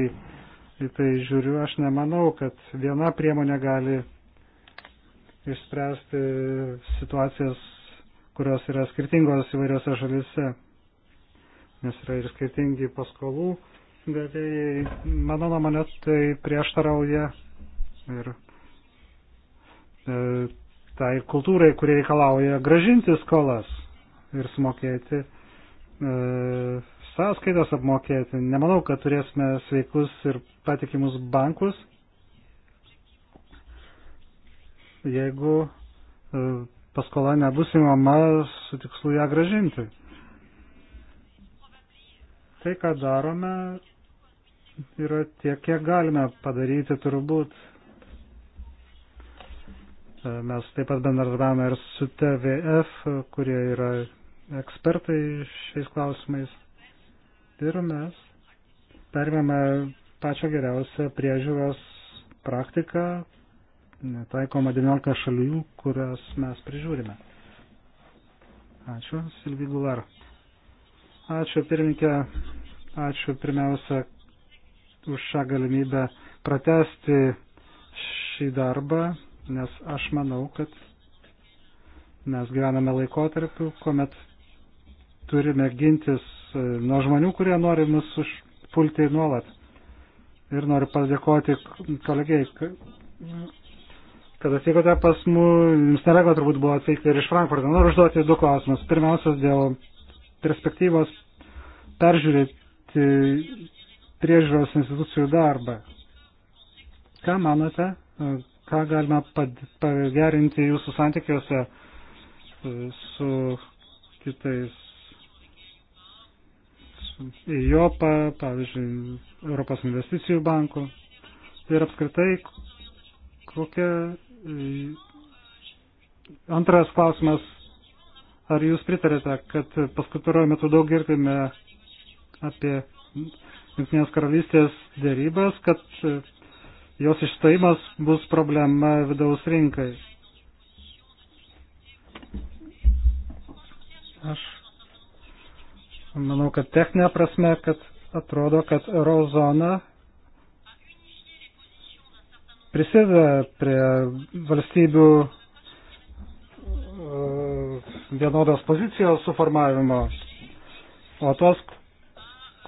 į tai žiūriu. Aš nemanau, kad viena priemonė gali išspręsti situacijas, kurios yra skirtingos įvairiose šalise nes yra ir skirtingi paskolų gavėjai. Mano nuomonė tai prieštarauja ir e, tai kultūrai, kurie reikalauja gražinti skolas ir sumokėti e, sąskaitas apmokėti. Nemanau, kad turėsime sveikus ir patikimus bankus, jeigu e, paskola nebus įmama su tikslu ją gražinti. Tai, ką darome, yra tiek, kiek galime padaryti turbūt. E, mes taip pat bendradarbiavame ir su TVF, kurie yra ekspertai šiais klausimais. Ir mes perėmėme pačią geriausią priežiūros praktiką, taikoma 19 šalių, kurias mes prižiūrime. Ačiū, Silvi Gular. Ačiū pirmininkė, ačiū pirmiausia už šią galimybę pratesti šį darbą, nes aš manau, kad mes gyvename laikotarpiu, kuomet turime gintis e, nuo žmonių, kurie nori mus užpulti nuolat. Ir noriu padėkoti kolegijai, kad atvykote pas mus, jums nereikėjo turbūt buvo atvykti ir iš Frankfurto. Noriu užduoti du klausimus. Pirmiausias dėl perspektyvos peržiūrėti priežiūros institucijų darbą. Ką manote, ką galima pagerinti jūsų santykiuose e, su kitais, su EIOPA, pavyzdžiui, Europos investicijų banku ir apskritai kokia e, Antras klausimas Ar jūs pritarėte, kad paskutiniu metu daug girdime apie Junktinės karalystės dėrybas, kad e, jos išstojimas bus problema vidaus rinkai? Aš manau, kad techninė prasme, kad atrodo, kad eurozona prisideda prie valstybių vienodos pozicijos suformavimo, o tos,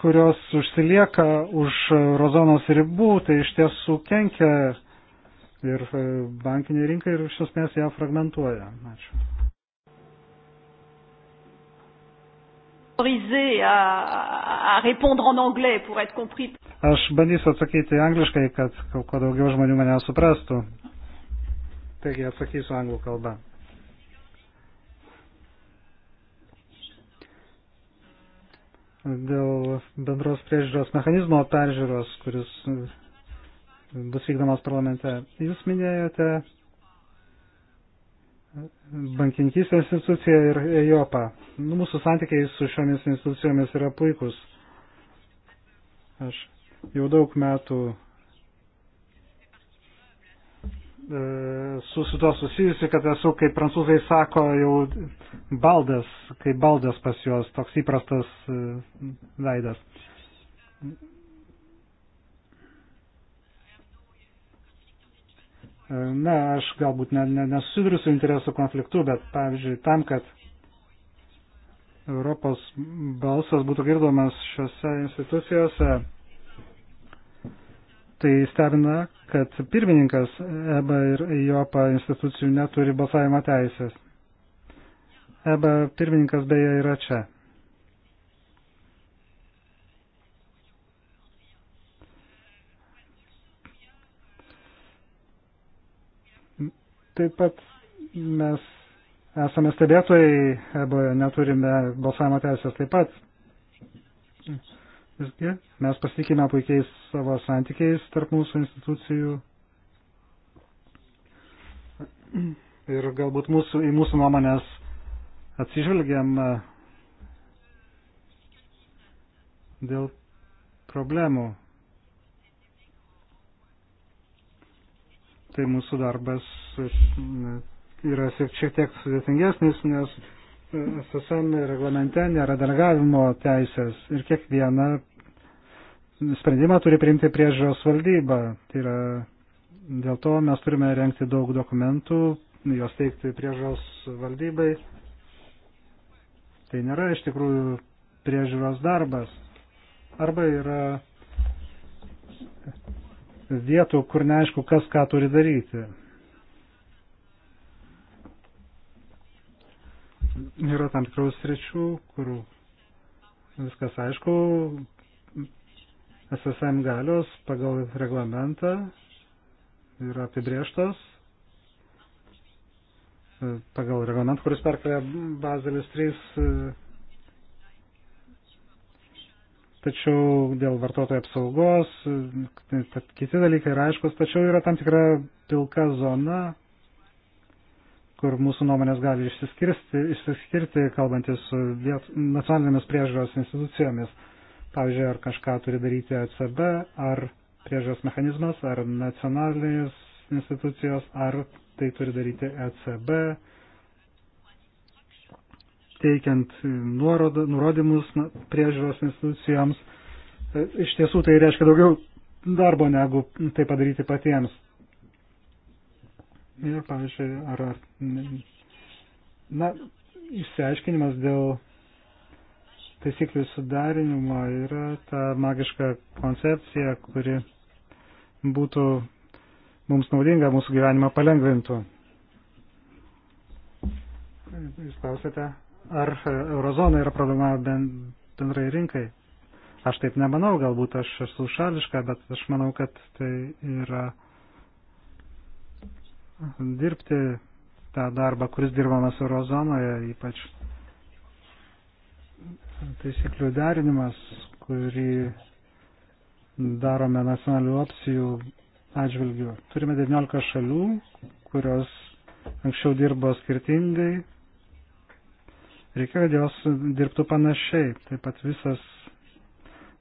kurios užsilieka už rozonos ribų, tai iš tiesų kenkia ir e, bankinė rinka ir iš esmės ją fragmentuoja. Ačiū. Aš bandysiu atsakyti angliškai, kad kuo daugiau žmonių mane suprastų. Taigi atsakysiu anglų kalbą. dėl bendros priežiūros mechanizmo peržiūros, kuris bus vykdomas parlamente. Jūs minėjote bankininkystės instituciją ir EJOPA. Nu, mūsų santykiai su šiomis institucijomis yra puikus. Aš jau daug metų e, su, su to susijusi, kad esu, kaip prancūzai sako, jau baldas, kaip baldas pas juos, toks įprastas e, veidas. E, Na, aš galbūt ne, ne, nesusiduriu su interesų konfliktu, bet, pavyzdžiui, tam, kad Europos balsas būtų girdomas šiuose institucijose, tai stebina, kad pirmininkas EBA ir JOPA institucijų neturi balsavimo teisės. EBA pirmininkas beje yra čia. Taip pat mes esame stebėtojai, EBA neturime balsavimo teisės taip pat. Visgi mes pasitikime puikiais savo santykiais tarp mūsų institucijų. Ir galbūt mūsų, į mūsų nuomonės atsižvelgiam e, dėl problemų. Tai mūsų darbas e, yra šiek tiek sudėtingesnis, nes e, SSM reglamente nėra delegavimo teisės ir kiekviena sprendimą turi priimti priežiūros valdyba. Tai yra, dėl to mes turime renkti daug dokumentų, juos teikti priežiūros valdybai. Tai nėra iš tikrųjų priežiūros darbas. Arba yra vietų, kur neaišku, kas ką turi daryti. Yra tam tikrų sričių, kur viskas aišku, SSM galios pagal reglamentą yra apibrieštos pagal reglamentą, kuris perkelia Bazelis 3. Tačiau dėl vartotojų apsaugos, kiti dalykai yra aiškus, tačiau yra tam tikra pilka zona, kur mūsų nuomonės gali išsiskirti, išsiskirti kalbantis su viet, nacionalinėmis priežiūros institucijomis. Pavyzdžiui, ar kažką turi daryti ECB, ar priežas mechanizmas, ar nacionalinės institucijos, ar tai turi daryti ECB, teikiant nuorod, nurodymus priežiūros institucijoms. E, iš tiesų tai reiškia daugiau darbo, negu tai padaryti patiems. Ir, pavyzdžiui, ar, ar na, išsiaiškinimas dėl taisyklių sudarinimo yra ta magiška koncepcija, kuri būtų mums naudinga, mūsų gyvenimą palengvintų. Jūs klausėte, ar eurozona yra problema bendrai rinkai? Aš taip nemanau, galbūt aš esu šališka, bet aš manau, kad tai yra dirbti tą darbą, kuris dirbamas eurozonoje, ypač taisyklių derinimas, kurį darome nacionalių opcijų atžvilgių. Turime 19 šalių, kurios anksčiau dirbo skirtingai. Reikia, kad jos dirbtų panašiai. Taip pat visas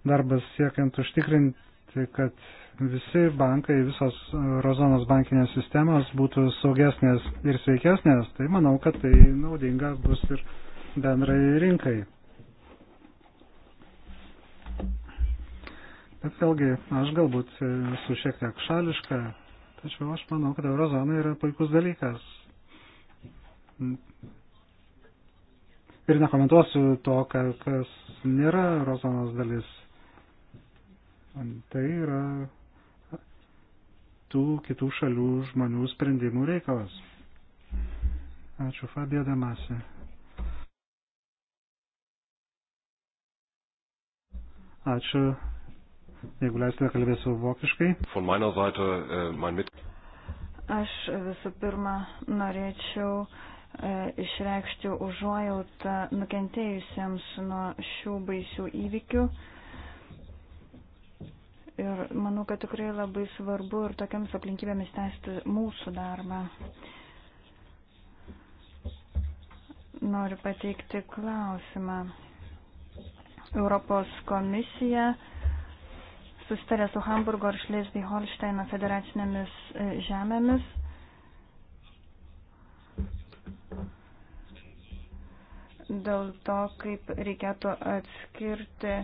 darbas siekiant užtikrinti, kad visi bankai, visos Rozonos bankinės sistemos būtų saugesnės ir sveikesnės, tai manau, kad tai naudinga bus ir bendrai rinkai. Bet vėlgi, aš galbūt esu šiek tiek šališka, tačiau aš manau, kad eurozona yra puikus dalykas. Ir nekomentuosiu to, kas nėra eurozonos dalis. Tai yra tų kitų šalių žmonių sprendimų reikalas. Ačiū, Fabija Damasi. Ačiū Jeigu leisite, kalbėsiu vokiškai. Äh, Aš visų pirma norėčiau e, išreikšti užuojautą nukentėjusiems nuo šių baisių įvykių. Ir manau, kad tikrai labai svarbu ir tokiams aplinkybėmis tęsti mūsų darbą. Noriu pateikti klausimą. Europos komisija susitarė su Hamburgo ir Šlesvig-Holšteino federacinėmis e, žemėmis. Dėl to, kaip reikėtų atskirti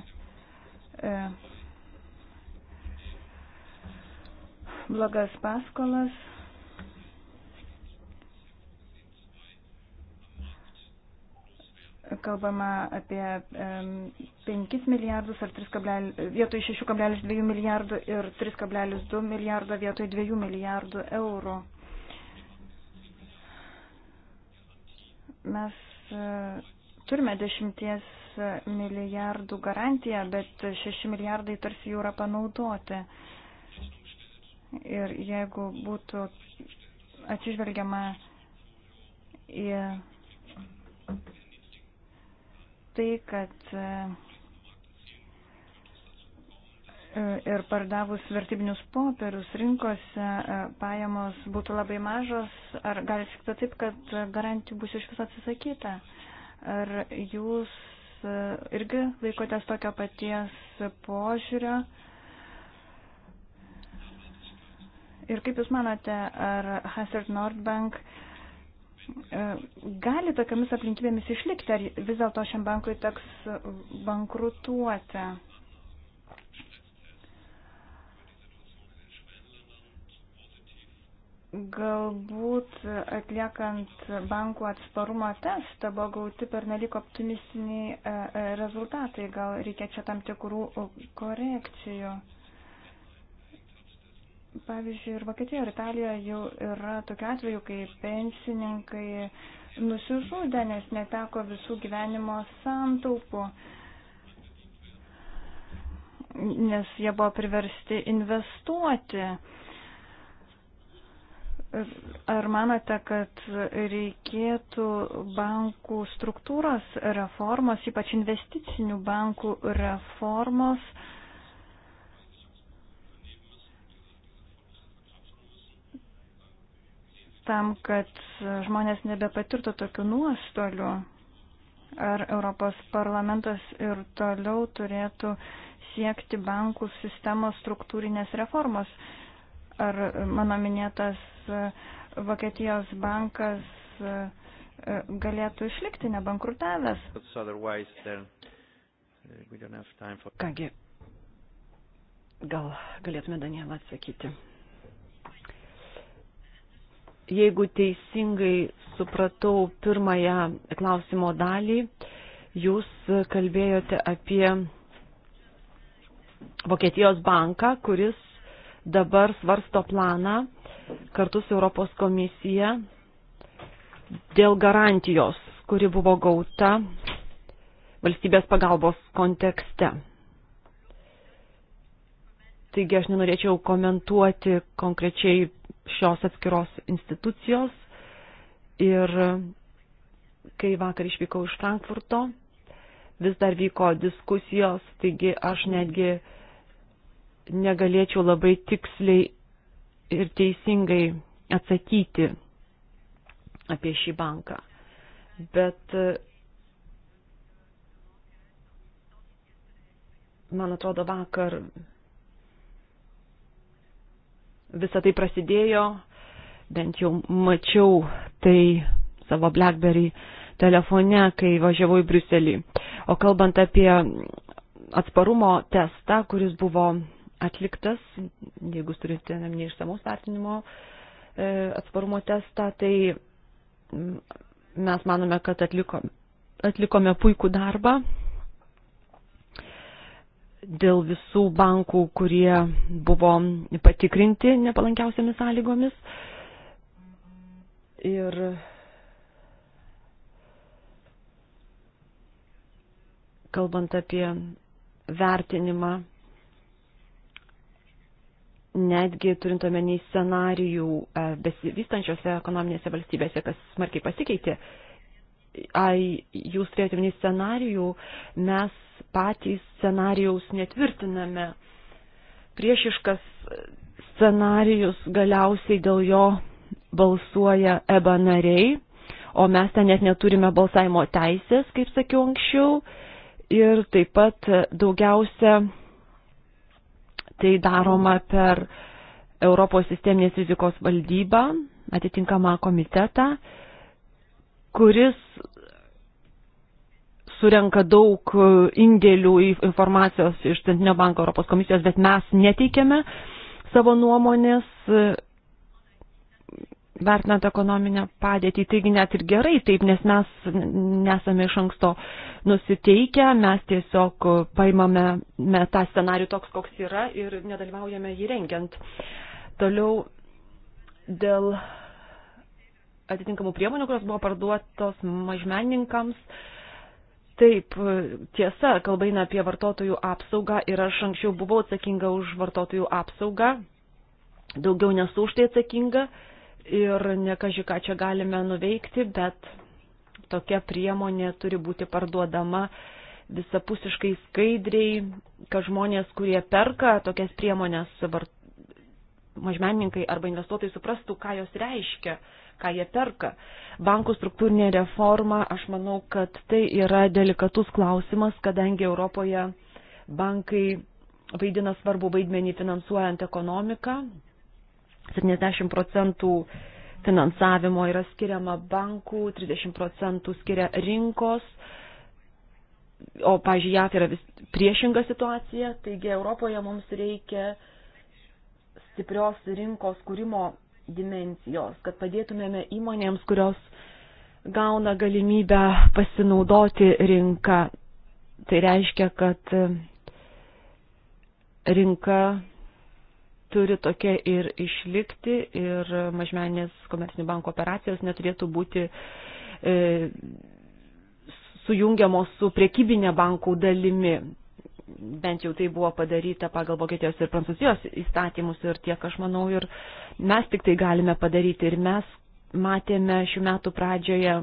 e, blogas paskolas kalbama apie 5 milijardus ar 3, kablel, vietoj 6,2 milijardų ir 3,2 milijardo vietoj 2 milijardų eurų. Mes e, turime 10 milijardų garantiją, bet 6 milijardai tarsi jau yra panaudoti. Ir jeigu būtų atsižvelgiama į tai, kad e, ir pardavus vertybinius popierius rinkose e, pajamos būtų labai mažos, ar gali sakyti taip, kad garantijų bus iš viso atsisakyta? Ar jūs e, irgi laikotės tokio paties požiūrio? Ir kaip Jūs manote, ar Hazard Nordbank uh, E, gali tokiamis aplinkybėmis išlikti, ar vis dėlto šiam bankui teks bankrutuoti? Galbūt atliekant bankų atsparumo testą buvo gauti per nelik optimistiniai e, e, rezultatai, gal reikia čia tam tikrų korekcijų. Pavyzdžiui, ir Vokietijoje, ir Italijoje jau yra tokių atvejų, kai pensininkai nusižudė, nes neteko visų gyvenimo santaupų, nes jie buvo priversti investuoti. Ar manote, kad reikėtų bankų struktūros reformos, ypač investicinių bankų reformos, tam, kad žmonės nebepatirtų tokių nuostolių? Ar Europos parlamentas ir toliau turėtų siekti bankų sistemos struktūrinės reformos? Ar mano minėtas e, Vokietijos bankas e, e, galėtų išlikti nebankrutavęs? Uh, Kągi, gal galėtume Danielą atsakyti jeigu teisingai supratau pirmąją klausimo dalį, jūs kalbėjote apie Vokietijos banką, kuris dabar svarsto planą kartu su Europos komisija dėl garantijos, kuri buvo gauta valstybės pagalbos kontekste. Taigi aš nenorėčiau komentuoti konkrečiai šios atskiros institucijos. Ir kai vakar išvykau iš Frankfurto, vis dar vyko diskusijos, taigi aš netgi negalėčiau labai tiksliai ir teisingai atsakyti apie šį banką. Bet man atrodo vakar visą tai prasidėjo, bent jau mačiau tai savo Blackberry telefone, kai važiavau į Briuselį. O kalbant apie atsparumo testą, kuris buvo atliktas, jeigu turite neišsamaus vertinimo e, atsparumo testą, tai mm, mes manome, kad atliko, atlikome puikų darbą, dėl visų bankų, kurie buvo patikrinti nepalankiausiamis sąlygomis. Ir kalbant apie vertinimą, netgi turint omeny scenarijų e, besivystančiose ekonominėse valstybėse, kas smarkiai pasikeitė, ai, jūs turėtumėte scenarijų, mes patys scenarijaus netvirtiname. Priešiškas scenarijus galiausiai dėl jo balsuoja EBA nariai, o mes ten net neturime balsavimo teisės, kaip sakiau anksčiau, ir taip pat daugiausia tai daroma per Europos sisteminės rizikos valdybą, atitinkamą komitetą, kuris surenka daug indėlių informacijos iš Centrinio banko Europos komisijos, bet mes neteikėme savo nuomonės vertinant ekonominę padėtį. Taigi net ir gerai taip, nes mes nesame iš anksto nusiteikę, mes tiesiog paimame tą scenarių toks, koks yra ir nedalyvaujame jį rengiant. Toliau dėl atitinkamų priemonių, kurios buvo parduotos mažmenininkams. Taip, tiesa, kalba eina apie vartotojų apsaugą ir aš anksčiau buvau atsakinga už vartotojų apsaugą, daugiau nesu už tai atsakinga ir nekaži ką čia galime nuveikti, bet tokia priemonė turi būti parduodama visapusiškai skaidriai, kad žmonės, kurie perka tokias priemonės, mažmenininkai arba investuotojai suprastų, ką jos reiškia. Uh, ką jie perka. Bankų struktūrinė reforma, aš manau, kad tai yra delikatus klausimas, kadangi Europoje bankai vaidina svarbu vaidmenį finansuojant ekonomiką. 70 procentų finansavimo yra skiriama bankų, 30 procentų skiria rinkos, o, pažiūrėjau, JAF yra vis priešinga situacija, taigi Europoje mums reikia stiprios rinkos kūrimo dimensijos, kad padėtumėme įmonėms, kurios gauna galimybę pasinaudoti rinką. Tai reiškia, kad e, rinka turi tokia ir išlikti ir mažmenės komercinių bankų operacijos neturėtų būti e, sujungiamos su priekybinė bankų dalimi bent jau tai buvo padaryta pagal Vokietijos ir Prancūzijos įstatymus ir tiek aš manau ir mes tik tai galime padaryti ir mes matėme šių metų pradžioje,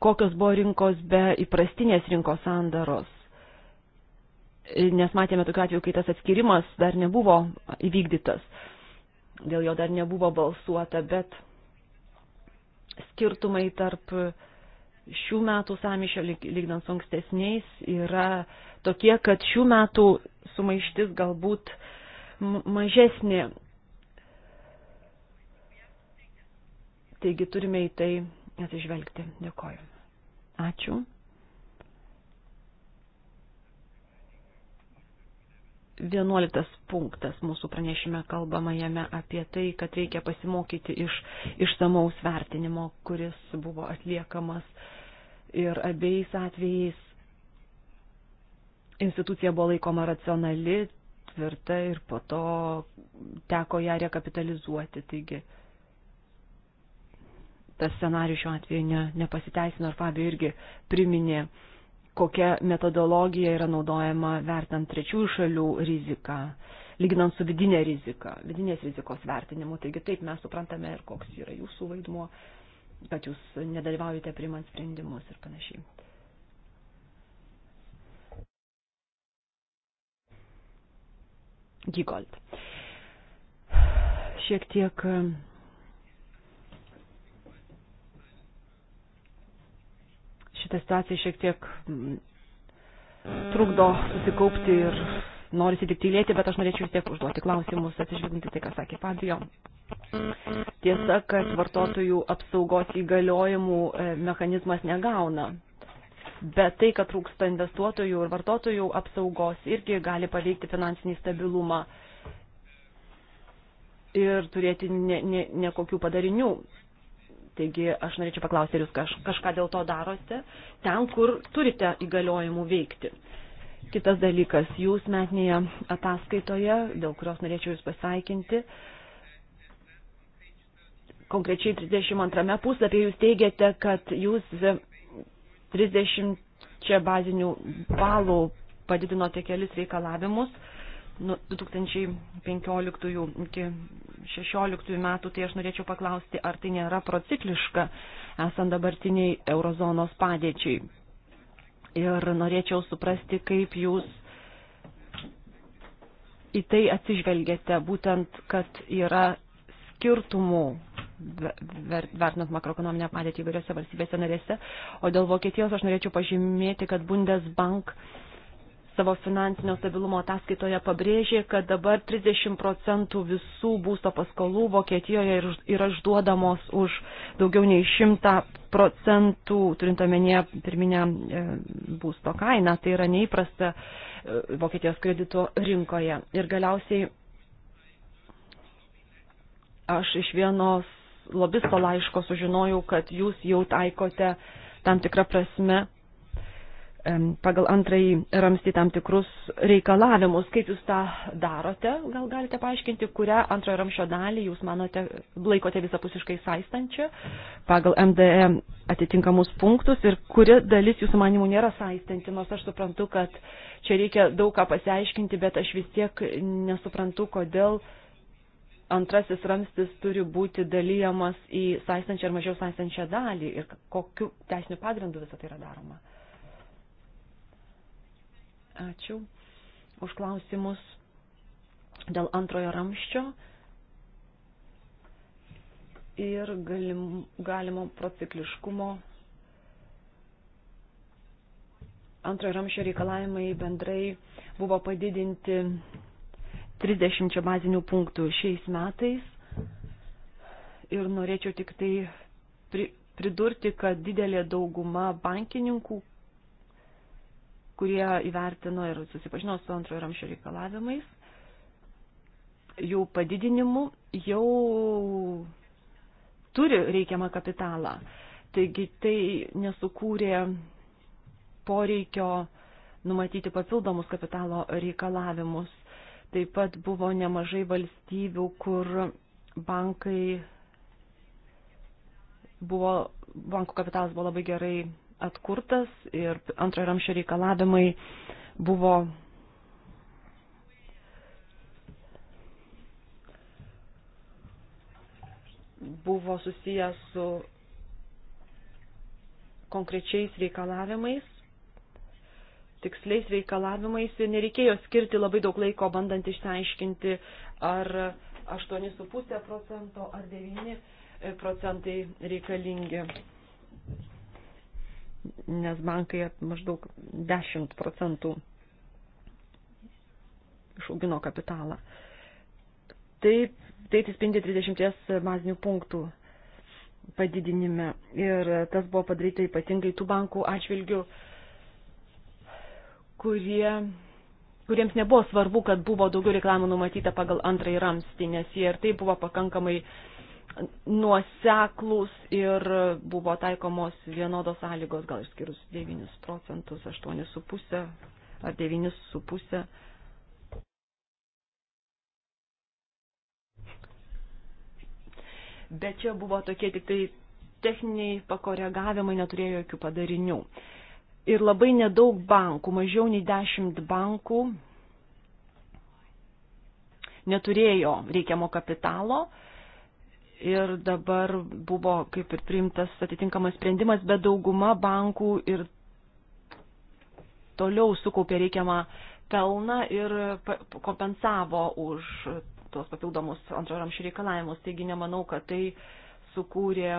kokios buvo rinkos be įprastinės rinkos sandaros. Nes matėme tokiu atveju, kai tas atskirimas dar nebuvo įvykdytas, dėl jo dar nebuvo balsuota, bet skirtumai tarp šių metų samišio lygdant su ankstesniais yra tokie, kad šių metų sumaištis galbūt mažesnė. Taigi turime į tai atsižvelgti. Dėkoju. Ačiū. Vienuoliktas punktas mūsų pranešime kalbama jame apie tai, kad reikia pasimokyti iš išsamaus vertinimo, kuris buvo atliekamas uh, ir abiejais atvejais institucija buvo laikoma racionali, tvirta ir po to teko ją rekapitalizuoti. Taigi tas scenarius šiuo atveju ne, nepasiteisino ir Fabio irgi priminė, kokia metodologija yra naudojama vertant trečiųjų šalių riziką, lyginant su vidinė rizika, vidinės rizikos vertinimu. Taigi taip mes suprantame ir koks yra jūsų vaidmuo kad jūs nedalyvaujate primant sprendimus ir panašiai. Gigold. Šiek tiek šitą situaciją šiek tiek mm, trukdo susikaupti ir norisi tik tylėti, bet aš norėčiau vis tiek užduoti klausimus, atsižvelgiant į tai, ką sakė Fabio. Tiesa, kad vartotojų apsaugos įgaliojimų e, mechanizmas negauna. Bet tai, kad trūksta investuotojų ir vartotojų apsaugos, irgi gali paveikti finansinį stabilumą ir turėti nekokių ne, ne padarinių. Taigi aš norėčiau paklausti, ar jūs kaž, kažką dėl to darote ten, kur turite įgaliojimų veikti. Kitas dalykas, jūs metinėje ataskaitoje, dėl kurios norėčiau jūs pasveikinti, konkrečiai 32 puslapyje jūs teigiate, kad jūs 30 čia bazinių balų padidinote kelis reikalavimus nuo 2015 iki 2016 metų, tai aš norėčiau paklausti, ar tai nėra procikliška esant dabartiniai eurozonos padėčiai Ir norėčiau suprasti, kaip jūs į tai atsižvelgėte, būtent, kad yra skirtumų vertinant makroekonominę padėtį įvairiose valstybėse narėse. O dėl Vokietijos aš norėčiau pažymėti, kad Bundesbank uh, savo finansinio stabilumo ataskaitoje pabrėžė, kad dabar 30 procentų visų būsto paskolų Vokietijoje yra išduodamos už daugiau nei 100 procentų, turint omenyje pirminę e, būsto kainą. Tai yra neįprasta e, Vokietijos kredito rinkoje. Ir galiausiai aš iš vienos lobisto laiško sužinojau, kad jūs jau taikote tam tikrą prasme pagal antrąjį ramstį tam tikrus reikalavimus. Kaip jūs tą darote, gal galite paaiškinti, kurią antrojo ramšio dalį jūs manote, laikote visapusiškai saistančią pagal MDE atitinkamus punktus ir kuri dalis jūsų manimų nėra saistanti, nors aš suprantu, kad čia reikia daug ką pasiaiškinti, bet aš vis tiek nesuprantu, kodėl antrasis ramstis turi būti dalyjamas į saistančią ar mažiau saistančią dalį ir kokiu teisiniu pagrindu visą tai yra daroma. Ačiū už klausimus dėl antrojo ramščio ir galim, galimo procikliškumo. Antrojo ramščio reikalavimai bendrai buvo padidinti 30 bazinių punktų šiais metais. Ir norėčiau tik tai pridurti, kad didelė dauguma bankininkų, kurie įvertino ir susipažino su antrojo ramšio reikalavimais, jų padidinimu jau turi reikiamą kapitalą. Taigi tai nesukūrė poreikio numatyti papildomus kapitalo reikalavimus. Taip pat buvo nemažai valstybių, kur bankai buvo, bankų kapitalas buvo labai gerai atkurtas ir antrojo ramšio reikalavimai buvo buvo susijęs su konkrečiais reikalavimais, tiksliais reikalavimais ir nereikėjo skirti labai daug laiko bandant išsiaiškinti, ar 8,5 procento ar 9 procentai reikalingi nes bankai maždaug 10 procentų išaugino kapitalą. Taip, tai atsispindi 30 bazinių punktų padidinime ir tas buvo padaryta ypatingai tų bankų atžvilgių, kurie, kuriems nebuvo svarbu, kad buvo daugiau reklamų numatyta pagal antrąjį ramstį, nes jie ir tai buvo pakankamai uh, nuoseklus ir buvo taikomos vienodos sąlygos, gal išskyrus 9 procentus, 8,5 ar 9,5. Bet čia buvo tokie tik tai techniniai pakoregavimai, neturėjo jokių padarinių. Ir labai nedaug bankų, mažiau nei 10 bankų neturėjo reikiamo kapitalo, ir dabar buvo kaip ir priimtas atitinkamas sprendimas, bet dauguma bankų ir toliau sukaupė reikiamą pelną ir kompensavo už tuos papildomus antrojo ramščių reikalavimus. Taigi nemanau, kad tai sukūrė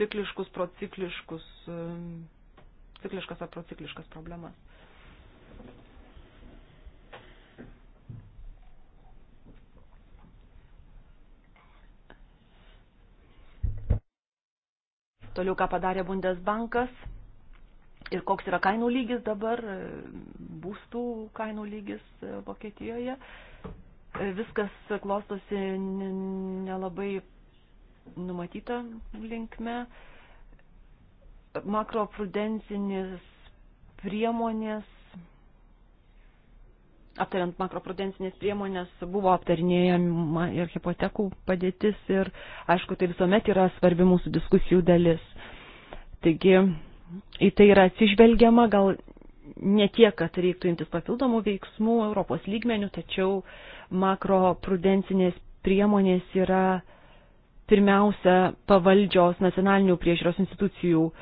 cikliškus, procikliškus, cikliškas ar procikliškas problemas. Toliau, ką padarė Bundesbankas ir koks yra kainų lygis dabar, būstų kainų lygis e, Vokietijoje. E, viskas klostosi nelabai numatyta linkme. Makroprudencinis priemonės aptariant makroprudencinės priemonės, buvo aptarinėjama ir hipotekų padėtis ir, aišku, tai visuomet yra svarbi mūsų diskusijų dalis. Taigi, į tai yra atsižvelgiama, gal ne tiek, kad reiktų imtis papildomų veiksmų Europos lygmenių, tačiau makroprudencinės priemonės yra pirmiausia pavaldžios nacionalinių priežiūros institucijų uh,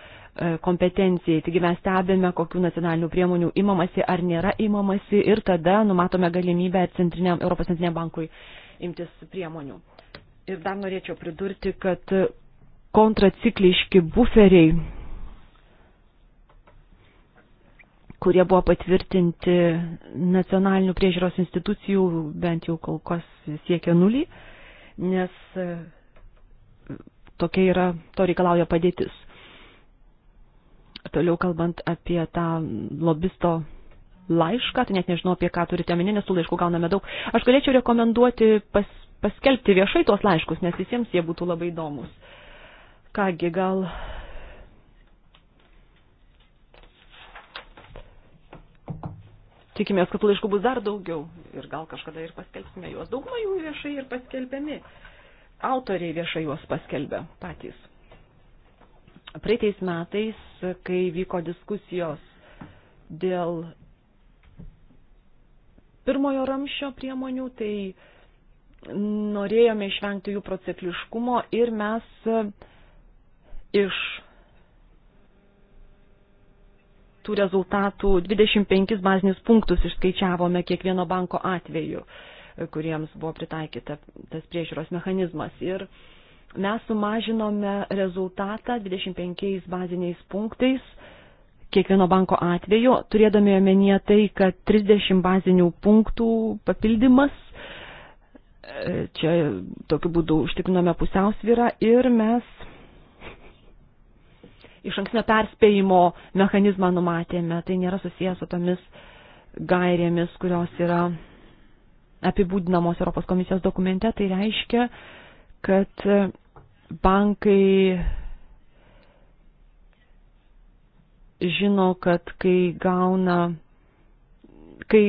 E, kompetencijai. Taigi mes stebime, kokiu nacionaliniu priemonių imamasi ar nėra imamasi ir tada numatome galimybę centriniam, Europos centriniam bankui imtis priemonių. Ir dar norėčiau pridurti, kad kontracikliški buferiai, kurie buvo patvirtinti nacionalinių priežiūros institucijų, bent jau kol kas siekia nulį, nes tokia yra, to reikalauja padėtis. Toliau kalbant apie tą lobisto laišką, tai net nežinau, apie ką turite meni, nes tų laiškų gauname daug. Aš galėčiau rekomenduoti pas, paskelbti viešai tuos laiškus, nes visiems jie būtų labai įdomus. Kągi, gal. Tikimės, kad laiškų bus dar daugiau ir gal kažkada ir paskelbsime juos. Dauguma jų viešai ir paskelbiami. Autoriai viešai juos paskelbia patys praeitais metais, kai vyko diskusijos dėl pirmojo ramšio priemonių, tai norėjome išvengti jų procekliškumo ir mes iš tų rezultatų 25 bazinius punktus išskaičiavome kiekvieno banko atveju, kuriems buvo pritaikyta tas priežiūros mechanizmas. Ir uh, mes sumažinome rezultatą 25 baziniais punktais kiekvieno banko atveju, turėdami omenyje tai, kad 30 bazinių punktų papildymas, e, čia tokiu būdu užtikrinome pusiausvyrą ir mes iš anksnio perspėjimo mechanizmą numatėme, tai nėra susijęs su tomis gairėmis, kurios yra apibūdinamos Europos komisijos dokumente, tai reiškia, kad bankai žino, kad kai gauna, kai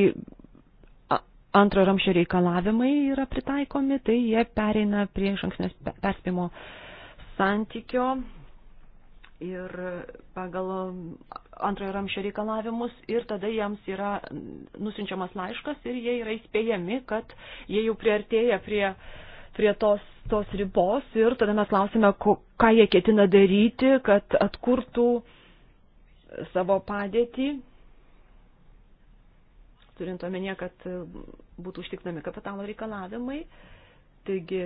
antro ramšio reikalavimai yra pritaikomi, tai jie pereina prie išankstinės perspėjimo santykio ir pagal antrojo ramšio reikalavimus ir tada jiems yra nusinčiamas laiškas ir jie yra įspėjami, kad jie jau priartėja prie uh, prie tos, tos ribos ir tada mes klausime, ką jie ketina daryti, kad atkurtų savo padėtį, turint omenyje, kad būtų užtiknami kapitalo reikalavimai. Taigi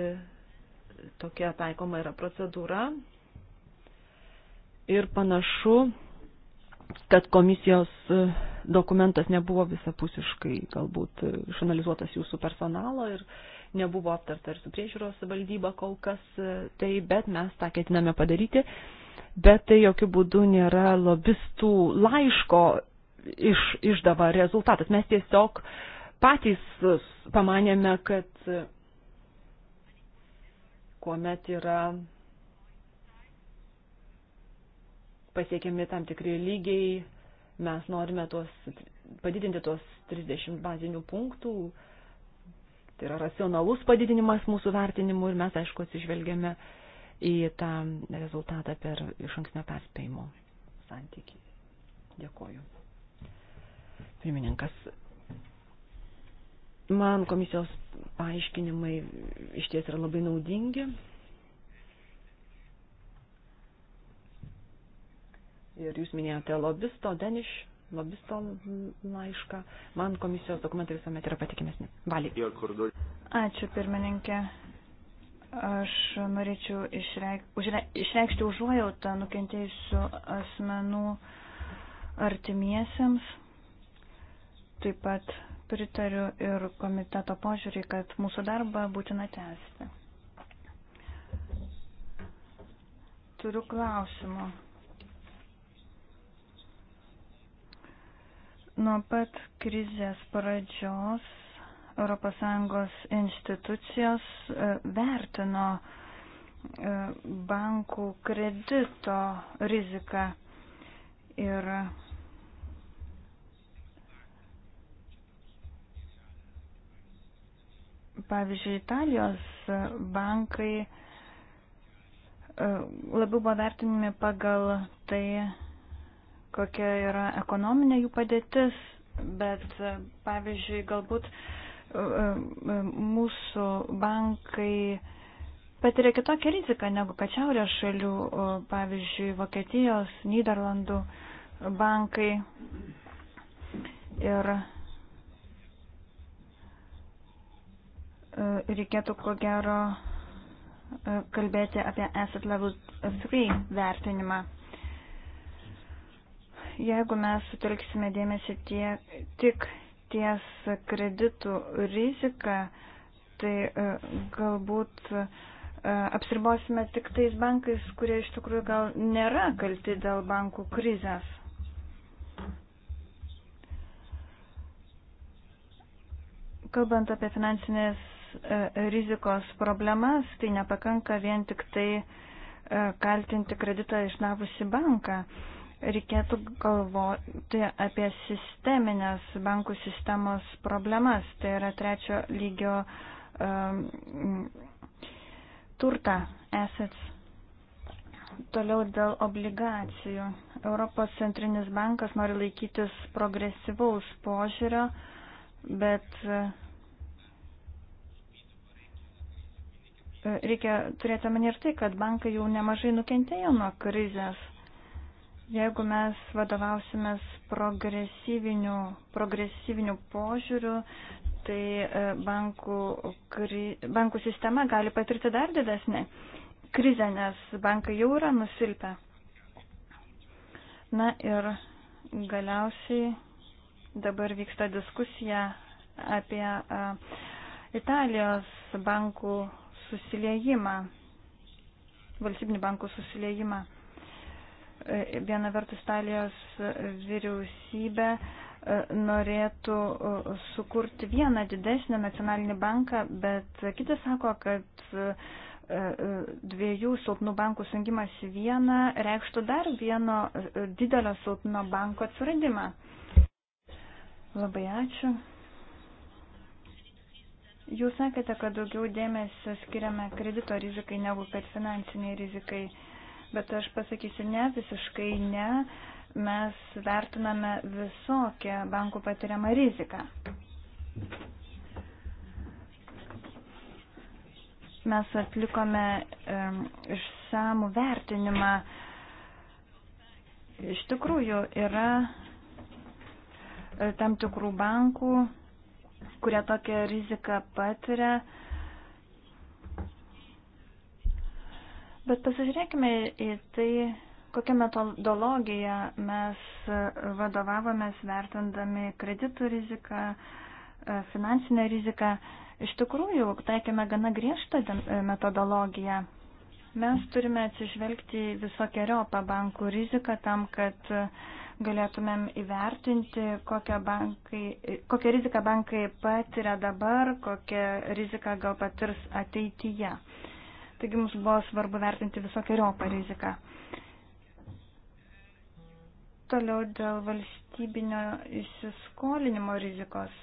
tokia taikoma yra procedūra. Ir panašu, kad komisijos dokumentas nebuvo visapusiškai galbūt išanalizuotas jūsų personalo ir uh, nebuvo aptarta ir su priežiūros valdyba kol kas e, tai, bet mes tą ketiname padaryti. Bet tai jokių būdų nėra lobistų laiško iš, išdava rezultatas. Mes tiesiog patys pamanėme, kad kuomet yra pasiekiami tam tikri lygiai, mes norime tuos, padidinti tuos 30 bazinių punktų, uh, Tai yra racionalus padidinimas mūsų vertinimu ir mes, aišku, atsižvelgiame į tą rezultatą per iš anksnio perspėjimo santykį. Dėkoju. Pirmininkas. Man komisijos paaiškinimai iš ties yra labai naudingi. Ir jūs minėjote lobisto Danish lobisto laišką. Man komisijos dokumentai visuomet yra patikimesni. Valiai. Ačiū, pirmininkė. Aš norėčiau išreik, užre, išreikšti užuojautą nukentėjusių asmenų artimiesiems. Taip pat pritariu ir komiteto požiūrį, kad mūsų darbą būtina tęsti. Turiu klausimą Nuo pat krizės pradžios ES institucijos e, vertino e, bankų kredito riziką ir pavyzdžiui, Italijos bankai e, labiau buvo vertinami pagal tai, kokia yra ekonominė jų padėtis, bet pavyzdžiui, galbūt e, e, mūsų bankai patiria kitokią riziką negu kad šiaurės šalių, pavyzdžiui, Vokietijos, Niderlandų bankai. Ir e, reikėtų ko gero kalbėti apie asset level 3 vertinimą jeigu mes sutelksime dėmesį tie, tik ties kreditų riziką, tai e, galbūt e, apsiribosime tik tais bankais, kurie iš tikrųjų gal nėra kalti dėl bankų krizės. Kalbant apie finansinės e, rizikos problemas, tai nepakanka vien tik tai kaltinti kreditą išnavusi banką reikėtų galvoti apie sisteminės bankų sistemos problemas, tai yra trečio lygio um, turtą, assets. Toliau dėl obligacijų. Europos centrinis bankas nori laikytis progresyvaus požiūrio, bet uh, reikia turėti omeny ir tai, kad bankai jau nemažai nukentėjo nuo krizės. Jeigu mes vadovausimės progresyviniu, progresyviniu požiūriu, tai e, bankų, kri, bankų sistema gali patirti dar didesnį krizę, nes bankai jau yra nusilpę. Na ir galiausiai dabar vyksta diskusija apie a, e, Italijos bankų susiliejimą, valstybinių bankų susiliejimą. Viena vertus Italijos vyriausybė e, norėtų e, sukurti vieną didesnį nacionalinį banką, bet kiti sako, kad e, dviejų silpnų bankų sungimas į vieną reikštų dar vieno didelio silpno banko atsiradimą. Labai ačiū. Jūs sakėte, kad daugiau dėmesio skiriame kredito rizikai negu kad finansiniai rizikai bet aš pasakysiu ne, visiškai ne. Mes vertiname visokią bankų patiriamą riziką. Mes atlikome um, išsamų vertinimą. Iš tikrųjų yra e, tam tikrų bankų, kurie tokią riziką patiria. Uh, Bet pasižiūrėkime į tai, kokią metodologiją mes vadovavomės vertindami kreditų riziką, finansinę riziką. Iš tikrųjų, taikėme gana griežtą metodologiją. Mes turime atsižvelgti visokiojopą bankų riziką tam, kad galėtumėm įvertinti, kokią, bankai, kokią riziką bankai patiria dabar, kokią riziką gal patirs ateityje. Taigi mums buvo svarbu vertinti visokiojopą riziką. Toliau dėl valstybinio įsiskolinimo rizikos.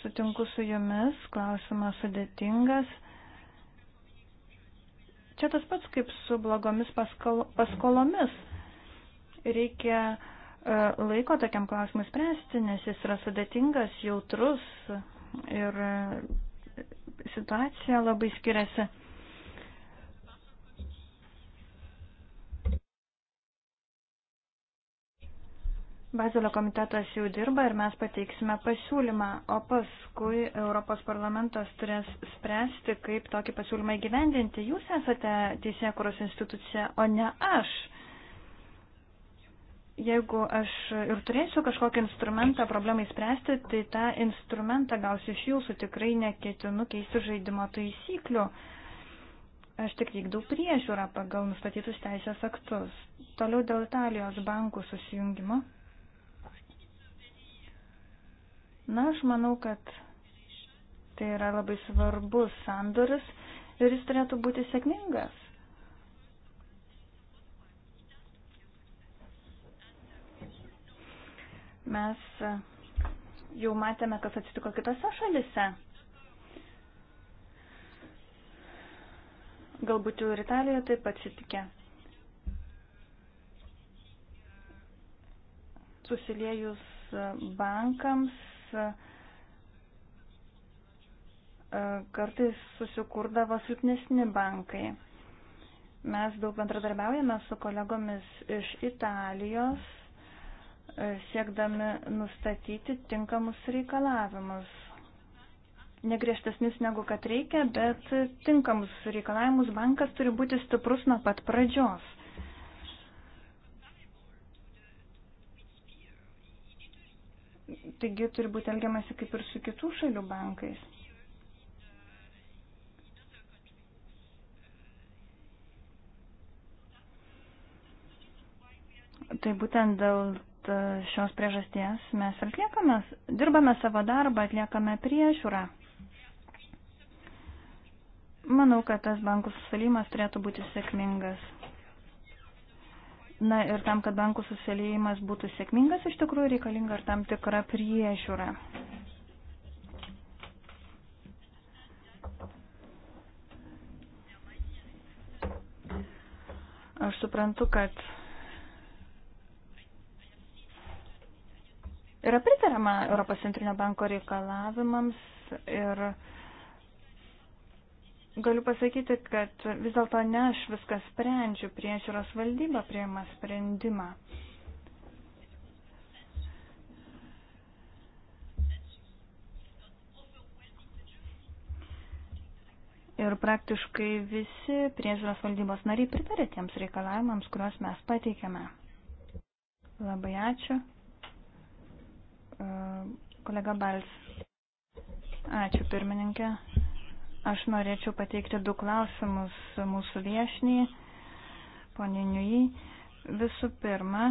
Sutinku su jumis, klausimas sudėtingas. Čia tas pats kaip su blogomis paskolomis. Reikia e, laiko tokiam klausimui spręsti, nes jis yra sudėtingas, jautrus, ir e, situacija labai skiriasi. Bazelio komitetas jau dirba ir mes pateiksime pasiūlymą, o paskui Europos parlamentas turės spręsti, kaip tokį pasiūlymą įgyvendinti. Jūs esate teisėkuros institucija, o ne aš jeigu aš ir turėsiu kažkokį instrumentą problemai spręsti, tai tą instrumentą gausiu iš jūsų, tikrai neketinu keisti žaidimo taisyklių. Aš tik vykdau priežiūrą pagal nustatytus teisės aktus. Toliau dėl Italijos bankų susijungimo. Na, aš manau, kad tai yra labai svarbus sandoris ir jis turėtų būti sėkmingas. Mes e, jau matėme, kas atsitiko kitose šalise. Galbūt jau ir Italijoje taip atsitikė. Susiliejus e, bankams e, kartais susikurdavo silpnesni bankai. Mes daug bendradarbiaujame su kolegomis iš Italijos E, siekdami nustatyti tinkamus reikalavimus. Negriežtesnis negu kad reikia, bet tinkamus reikalavimus bankas turi būti stiprus nuo pat pradžios. Taigi turi būti elgiamasi kaip ir su kitų šalių bankais. Tai būtent dėl E, šios priežasties mes ir atliekame, dirbame savo darbą, atliekame priežiūrą. Manau, kad tas bankų susilimas turėtų būti sėkmingas. Na ir tam, kad bankų susilimas būtų sėkmingas, iš tikrųjų reikalinga ir tam tikra priežiūra. Aš suprantu, kad Yra pritariama Europos centrinio banko reikalavimams ir galiu pasakyti, kad vis dėlto ne aš viską sprendžiu, priežiūros valdyba prieima sprendimą. Ir praktiškai visi priežiūros valdybos nariai pritarė tiems reikalavimams, kuriuos mes pateikėme. Labai ačiū kolega Bals. Ačiū pirmininkė. Aš norėčiau pateikti du klausimus mūsų viešniai, ponė Niui. Visų pirma,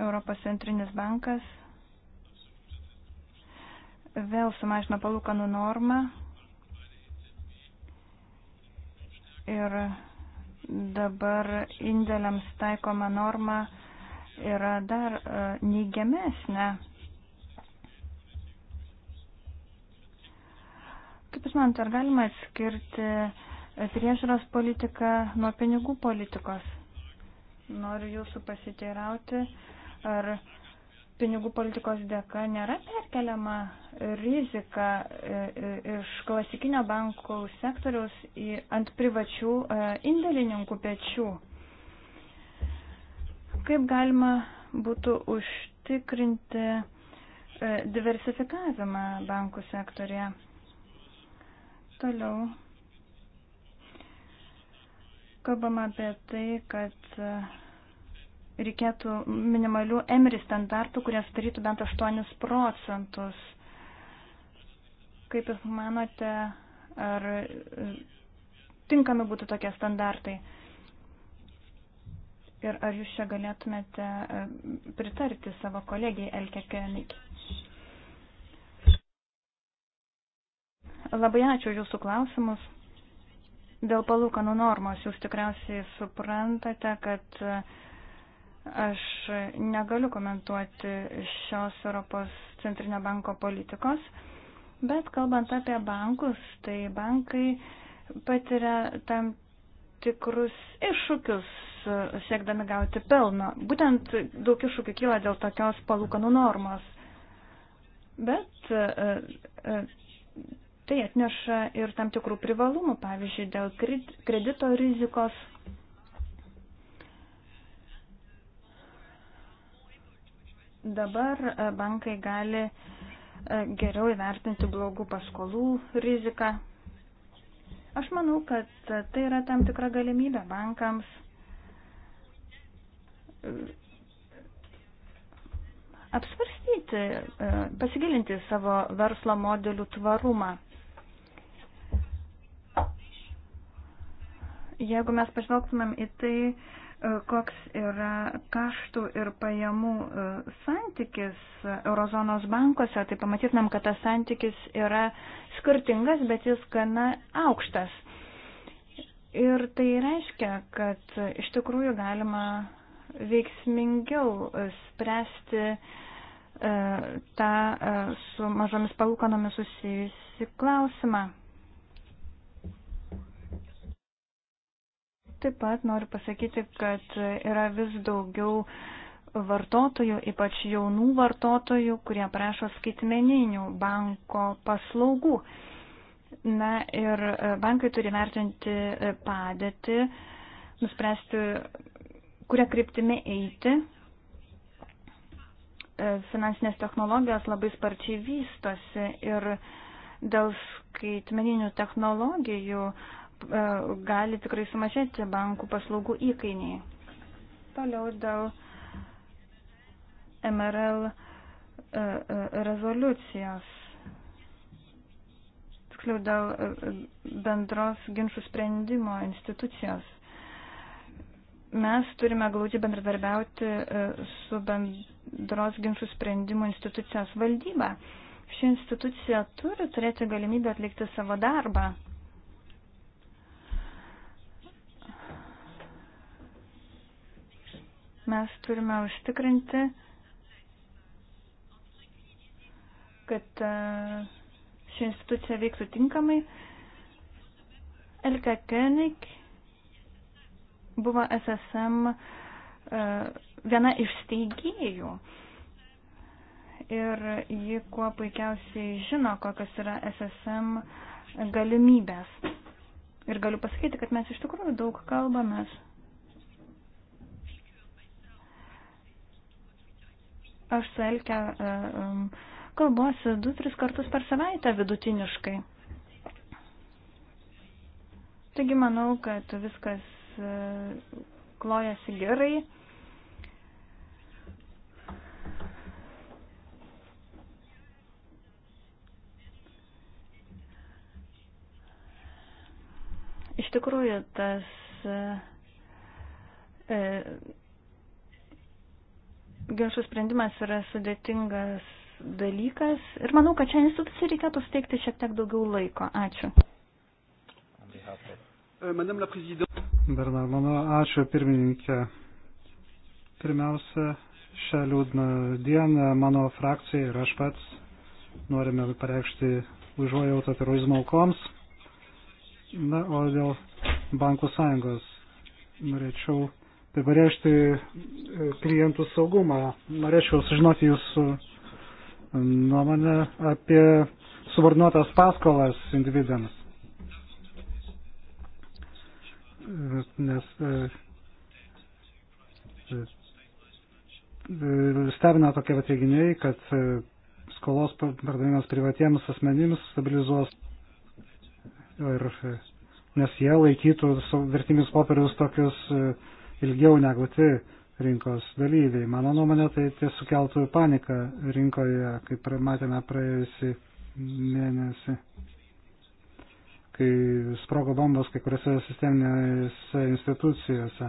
Europos centrinis bankas vėl sumažino palūkanų normą ir dabar indėliams taikoma norma 0,5 yra dar e, neigiamesnė. Kaip Jūs manate, ar galima atskirti e, priežiūros politiką nuo pinigų politikos? Noriu Jūsų pasiteirauti, ar pinigų politikos dėka nėra perkeliama rizika e, iš klasikinio bankų sektoriaus į, ant privačių indėlininkų pečių. Kaip galima būtų užtikrinti e, diversifikavimą bankų sektorėje? Toliau. Kalbama apie tai, kad e, reikėtų minimalių emri standartų, kurie sudarytų bent 8 procentus. Kaip Jūs manote, ar e, tinkami būtų tokie standartai? Ir ar jūs čia galėtumėte e, pritarti savo kolegijai Elke Kenik? Labai ačiū jūsų klausimus. Dėl palūkanų normos jūs tikriausiai suprantate, kad e, aš negaliu komentuoti šios Europos centrinio banko politikos, bet kalbant apie bankus, tai bankai patiria tam tikrus iššūkius siekdami gauti pelno. Būtent daug iššūkių kyla dėl tokios palūkanų normos. Bet e, e, tai atneša ir tam tikrų privalumų, pavyzdžiui, dėl kredito rizikos. Dabar e, bankai gali geriau įvertinti blogų paskolų riziką. Aš manau, kad tai yra tam tikra galimybė bankams apsvarstyti, e, pasigilinti savo verslo modelių tvarumą. Jeigu mes pažvelgtumėm į tai, e, koks yra kaštų ir pajamų e, santykis Eurozonos bankose, tai pamatytumėm, kad tas santykis yra skirtingas, bet jis gana aukštas. Ir tai reiškia, kad iš tikrųjų galima veiksmingiau spręsti e, tą e, su mažomis palūkanomis susijusi klausimą. Taip pat noriu pasakyti, kad yra vis daugiau vartotojų, ypač jaunų vartotojų, kurie prašo skaitmeninių banko paslaugų. Na ir e, bankai turi vertinti padėtį, nuspręsti, kuria kryptimi eiti. E, finansinės technologijos labai sparčiai vystosi ir dėl skaitmeninių technologijų e, gali tikrai sumažėti bankų paslaugų įkainiai. Toliau dėl MRL e, rezoliucijos, tiksliau dėl bendros ginčių sprendimo institucijos. Mes turime glaudžiai bendradarbiauti e, su bendros ginčių sprendimų institucijos valdyba. Ši institucija turi turėti galimybę atlikti savo darbą. Mes turime užtikrinti, kad e, ši institucija veiktų tinkamai. Elka König buvo SSM e, viena iš steigėjų. Ir ji kuo puikiausiai žino, kokios yra SSM galimybės. Ir galiu pasakyti, kad mes iš tikrųjų daug kalbamės. Aš su Elke e, e, kalbuosi 2-3 kartus per savaitę vidutiniškai. Taigi manau, kad viskas klojasi gerai. Iš tikrųjų, tas e, ginčių sprendimas yra sudėtingas dalykas ir manau, kad čia institucijai reikėtų steigti šiek tiek daugiau laiko. Ačiū. Euh, Madame la Présidente. Bernard, mano ačiū pirmininkė. Pirmiausia, šią liūdną dieną mano frakcija ir aš pats norime pareikšti užuojautą terorizmo aukoms. Na, o dėl bankų sąjungos norėčiau tai pareikšti e, klientų saugumą. Norėčiau sužinoti jūsų nuomonę apie subornuotas paskolas individams nes e, e, stebina tokie atveginiai, kad e, skolos pardavimas privatiems asmenims stabilizuos ir nes jie laikytų vertimius popierius tokius ilgiau negu tai rinkos dalyviai. Mano nuomonė, tai tai sukeltų paniką rinkoje, kaip matėme praėjusį mėnesį kai sprogo bombos kai kuriuose sisteminėse institucijose.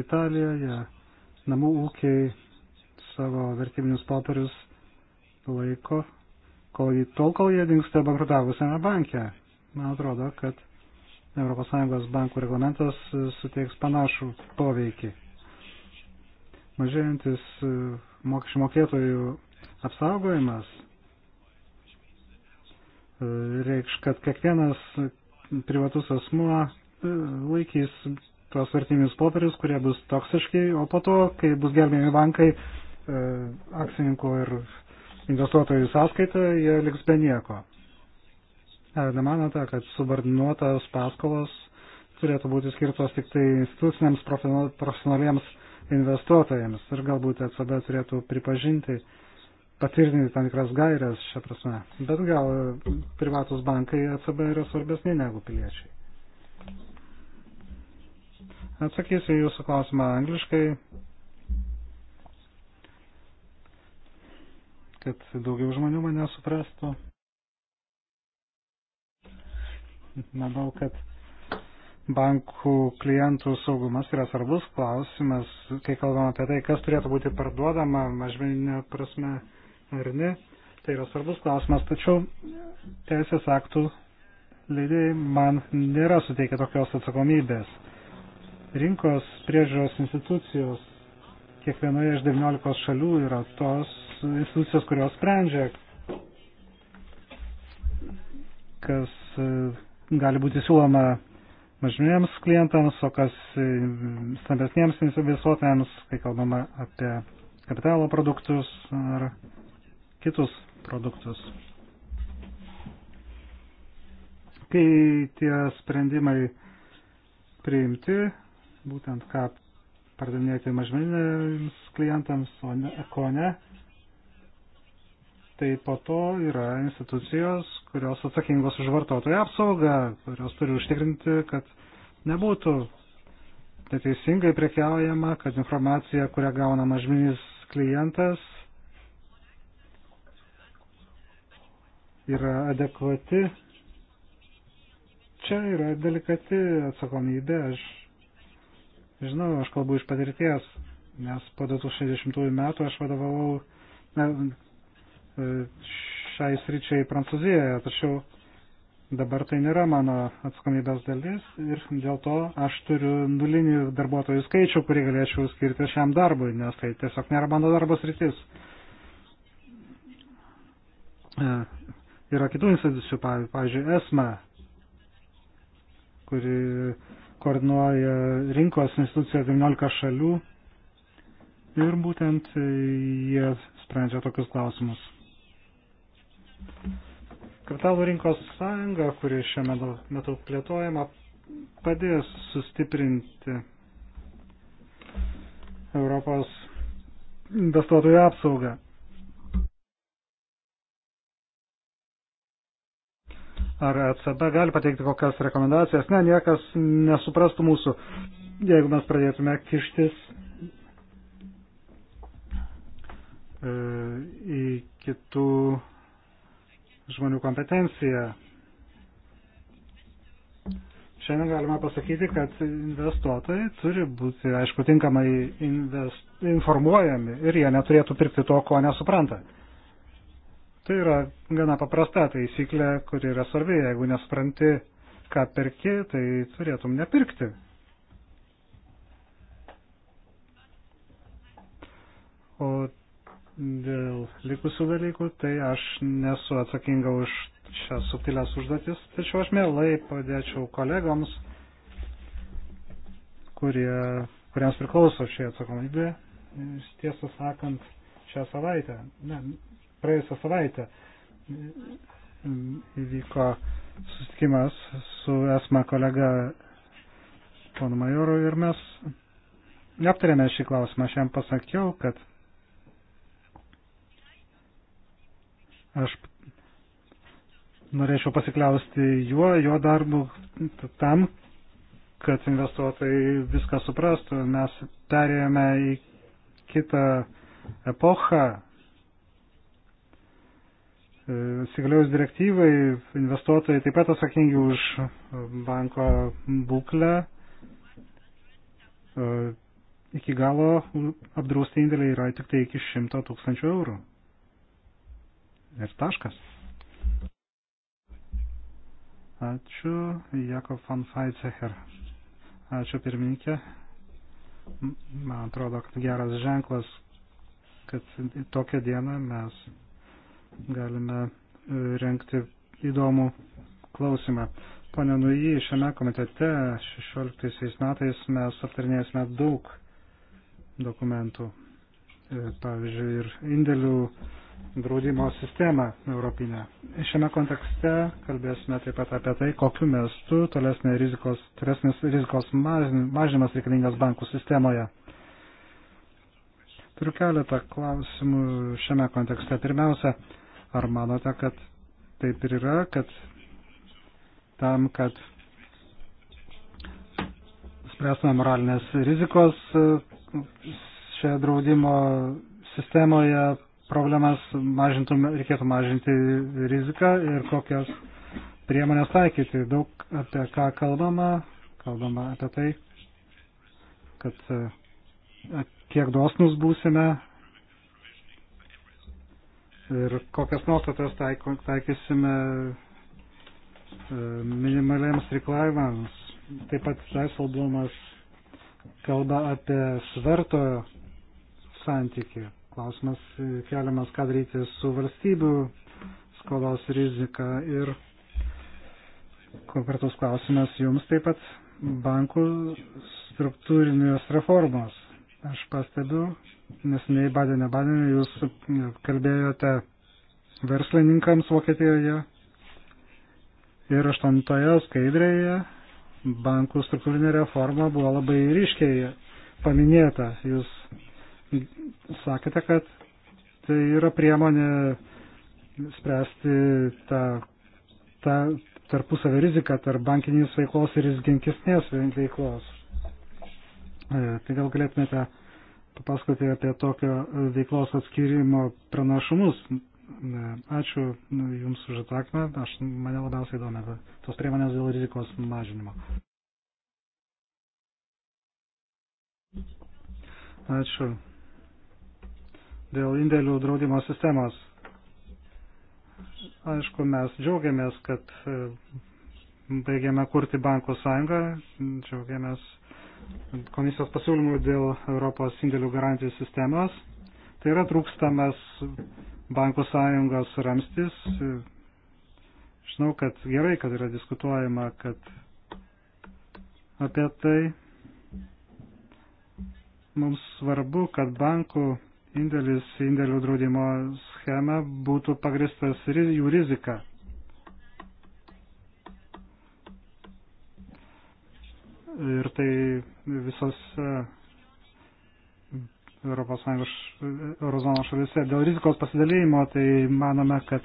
Italijoje namų ūkiai savo vertybinius popierius laiko, kol, tol kol jie dinksta bankrutavusiame banke. Man atrodo, kad ES bankų reglamentas suteiks panašų poveikį. Mažėjantis mokesčių mokėtojų apsaugojimas reikš, kad kiekvienas privatus asmuo e, laikys tuos vertinius popierius, kurie bus toksiški, o po to, kai bus gelbėjami bankai e, akcininkų ir investuotojų sąskaita, jie liks be nieko. Ar nemanote, kad subordinuotos paskolos turėtų būti skirtos tik tai instituciniams profesionaliems investuotojams ir galbūt ECB turėtų pripažinti, patvirtinti tam tikras gairias šią prasme. Bet gal privatus bankai ECB yra svarbesni negu piliečiai. Atsakysiu jūsų klausimą angliškai, kad daugiau žmonių mane suprastų. Manau, kad bankų klientų saugumas yra svarbus klausimas, kai kalbam apie tai, kas turėtų būti parduodama mažmeninė prasme ar ne. Tai yra svarbus klausimas, tačiau teisės aktų leidėjai man nėra suteikę tokios atsakomybės. Rinkos priežiūros institucijos kiekvienoje iš 19 šalių yra tos institucijos, kurios sprendžia, kas e, gali būti siūloma mažmėms klientams, o kas e, stambesniems investuotojams, kai kalbama apie kapitalo produktus ar kitus produktus. Kai tie sprendimai priimti, būtent ką pardavinėti mažmeniniams klientams, o ne, ko ne, tai po to yra institucijos, kurios atsakingos už vartotojų apsaugą, kurios turi užtikrinti, kad nebūtų neteisingai prekiaujama, kad informacija, kurią gauna mažmeninis klientas, yra adekvati. Čia yra delikati atsakomybė, aš žinau, aš kalbu iš patirties, nes po 2060 metų aš vadovavau na, e, šiai sričiai Prancūzijoje, tačiau dabar tai nėra mano atsakomybės dalis ir dėl to aš turiu nulinį darbuotojų skaičių, kurį galėčiau skirti šiam darbui, nes tai tiesiog nėra mano darbos rytis. E, yra kitų institucijų, pavyzdžiui, ESMA, kuri koordinuoja rinkos instituciją 19 šalių ir būtent jie sprendžia tokius klausimus. Kapitalų rinkos sąjunga, kuri šiuo metu plėtojama, padės sustiprinti Europos investuotojų apsaugą. Ar ECB gali pateikti kokias rekomendacijas? Ne, niekas nesuprastų mūsų, jeigu mes pradėtume kištis e, į kitų žmonių kompetenciją. Šiandien galima pasakyti, kad investuotojai turi būti, aišku, tinkamai invest, informuojami ir jie neturėtų pirkti to, ko nesupranta. Tai yra gana paprasta taisyklė, kuri yra svarbi. Jeigu nespranti, ką perki, tai turėtum nepirkti. O dėl likusių dalykų, tai aš nesu atsakinga už šias subtilės užduotis, tačiau aš mielai padėčiau kolegoms, kurie, kuriems priklauso šį atsakomybę, tiesą sakant, šią savaitę. Ne, praėjusią savaitę įvyko susitikimas su esma kolega ponu Majoru ir mes aptarėme šį klausimą. Aš jam pasakiau, kad aš norėčiau pasikliausti juo, jo darbu tam, kad investuotojai viską suprastų. Mes perėjome į kitą epochą, Įsigaliojus direktyvai, investuotojai taip pat atsakingi už e, banko būklę. E, iki galo apdrausti indėliai yra tik tai iki 100 tūkstančių eurų. Ir taškas. Ačiū, Jakob van Feitzecher. Ačiū pirmininkė. Man atrodo, kad geras ženklas, kad tokią dieną mes galime e, renkti įdomų klausimą. Pane Nui, šiame komitete 16 metais mes aptarinėsime daug dokumentų, e, pavyzdžiui, ir indėlių draudimo sistemą europinę. Šiame kontekste kalbėsime taip pat apie tai, kokiu mestu tolesnės rizikos, tolesnės rizikos mažinimas reikalingas bankų sistemoje. Turiu keletą klausimų šiame kontekste. Pirmiausia, Ar manote, kad taip ir yra, kad tam, kad spręstume moralinės rizikos e, šią draudimo sistemoje problemas mažintume, reikėtų mažinti riziką ir kokias priemonės taikyti. Daug apie ką kalbama, kalbama apie tai, kad e, kiek dosnus būsime ir kokias nuostatas taikysime e, minimaliems reikalavimams. Taip pat Leiselblomas kalba apie sverto santykį. Klausimas e, keliamas, ką daryti su valstybių skolos rizika ir konkretus klausimas jums taip pat bankų struktūrinės reformos. Aš pastebiu, nes nei Badenė Badenė, jūs kalbėjote verslininkams Vokietijoje ir aštuntoje skaidrėje bankų struktūrinė reforma buvo labai ryškiai paminėta. Jūs sakėte, kad tai yra priemonė spręsti tą, tą tarpusavę riziką tarp bankinės veiklos ir rizikinkisnės veiklos. E, tai gal galėtumėte papasakoti apie tokio veiklos atskirimo pranašumus. E, ačiū Jums už atsakymą. Aš mane labiausiai įdomi tos priemonės dėl rizikos mažinimo. Ačiū. Dėl indėlių draudimo sistemos. Aišku, mes džiaugiamės, kad e, baigėme kurti bankų sąjungą, džiaugiamės komisijos pasiūlymų dėl Europos indėlių garantijų sistemos. Tai yra trūkstamas bankų sąjungos ramstis. Žinau, kad gerai, kad yra diskutuojama, kad apie tai mums svarbu, kad bankų indėlis indėlių draudimo schema būtų pagristas jų rizika. ir tai visos ES eurozonos šalise. Dėl rizikos pasidalymo, tai manome, kad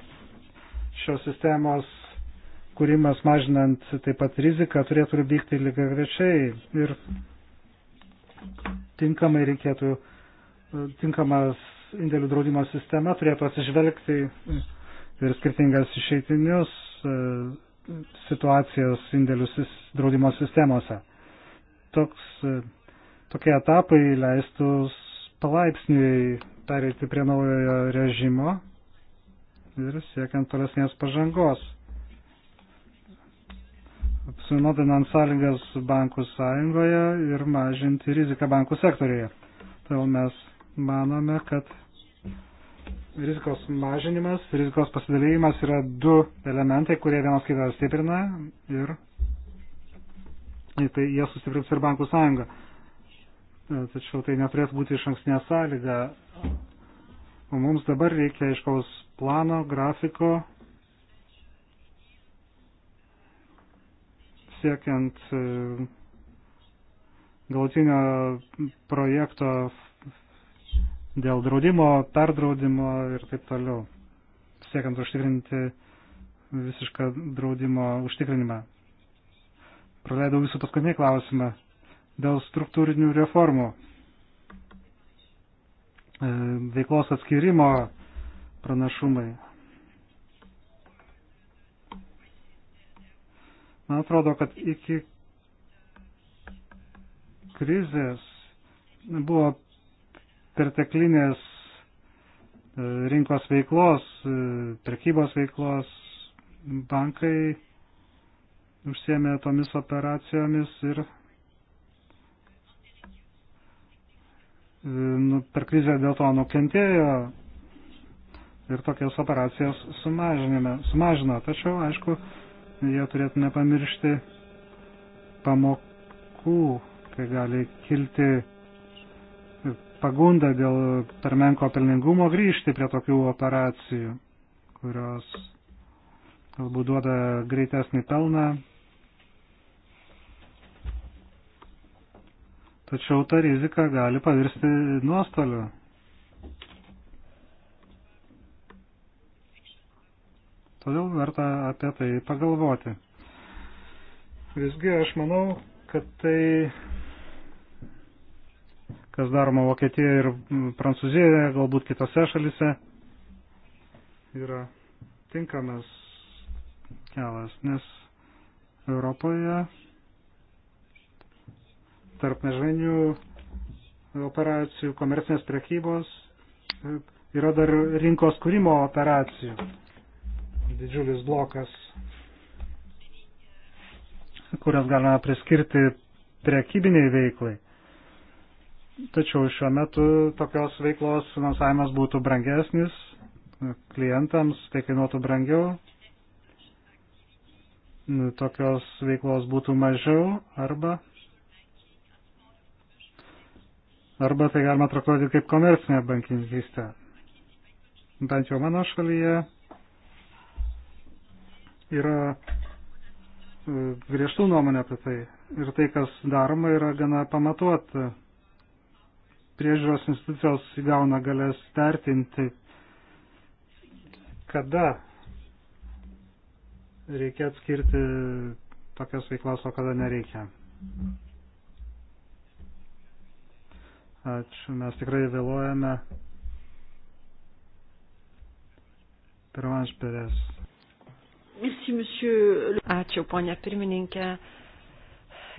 šios sistemos kūrimas mažinant taip pat riziką turėtų vykti lygiai grečiai ir tinkamai reikėtų, e, tinkamas indėlių draudimo sistema turėtų atsižvelgti ir skirtingas išeitinius e, situacijas indėlių draudimo sistemose toks, e, tokie etapai leistų palaipsniui pereiti prie naujojo režimo ir siekiant tolesnės pažangos. Suvienodinant sąlygas bankų sąjungoje ir mažinti riziką bankų sektorėje. Todėl mes manome, kad rizikos mažinimas, rizikos pasidalėjimas yra du elementai, kurie vienas kitą stiprina ir tai jie sustiprins ir bankų sąjungą. E, tačiau tai neturės būti iš ankstinė sąlyga. O mums dabar reikia iškaus plano, grafiko, siekiant e, galutinio projekto dėl draudimo, perdraudimo ir taip toliau, siekiant užtikrinti visišką draudimo užtikrinimą. Praleidau visų paskutinį klausimą dėl struktūrinių reformų. E, veiklos atskirimo pranašumai. Man atrodo, kad iki krizės buvo perteklinės e, rinkos veiklos, e, prekybos veiklos, bankai užsiemė tomis operacijomis ir e, nu, per krizę dėl to nukentėjo ir tokias operacijas sumažino. Tačiau, aišku, jie turėtų nepamiršti pamokų, kai gali kilti pagunda dėl per menko pelningumo grįžti prie tokių operacijų, kurios galbūt duoda greitesnį pelną Tačiau ta rizika gali pavirsti nuostoliu. Todėl verta apie tai pagalvoti. Visgi aš manau, kad tai, kas daroma Vokietijoje ir Prancūzijoje, galbūt kitose šalise, yra tinkamas kelias, nes Europoje tarp mežmenių operacijų, komercinės prekybos, yra dar rinkos kūrimo operacijų. Didžiulis blokas, kurias galima priskirti prekybiniai veiklai. Tačiau šiuo metu tokios veiklos finansavimas būtų brangesnis, klientams tai kainuotų brangiau, tokios veiklos būtų mažiau arba arba tai galima traktuoti kaip komercinę bankininkystę. Bent jau mano šalyje yra e, griežtų nuomonė apie tai. Ir tai, kas daroma, yra gana pamatuota. Priežiūros institucijos įgauna galės vertinti, kada reikia atskirti tokias veiklas, o kada nereikia. Ačiū, mes tikrai vėluojame. Pirmas perės. Ačiū, ponė pirmininkė.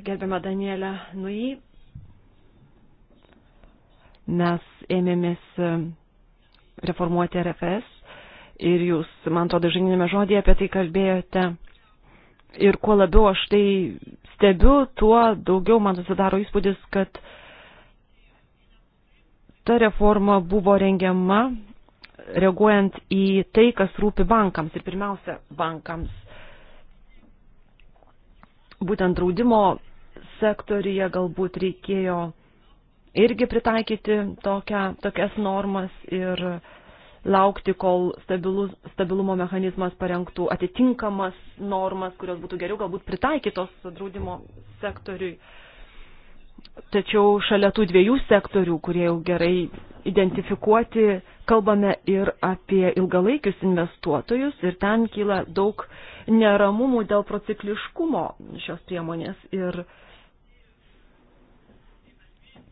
Gerbiama Danielė Nui. Mes ėmėmės e, reformuoti RFS ir jūs, man atrodo, žinime žodį apie tai kalbėjote. Ir kuo labiau aš tai stebiu, tuo daugiau man susidaro įspūdis, kad uh, ta reforma buvo rengiama reaguojant į tai, kas rūpi bankams ir pirmiausia bankams. Būtent draudimo sektorija galbūt reikėjo irgi pritaikyti tokia, tokias normas ir laukti, kol stabilus, stabilumo mechanizmas parengtų atitinkamas normas, kurios būtų geriau galbūt pritaikytos draudimo sektoriui. Uh, Tačiau šalia tų dviejų sektorių, kurie jau gerai identifikuoti, kalbame ir apie ilgalaikius investuotojus ir ten kyla daug neramumų dėl procikliškumo šios priemonės ir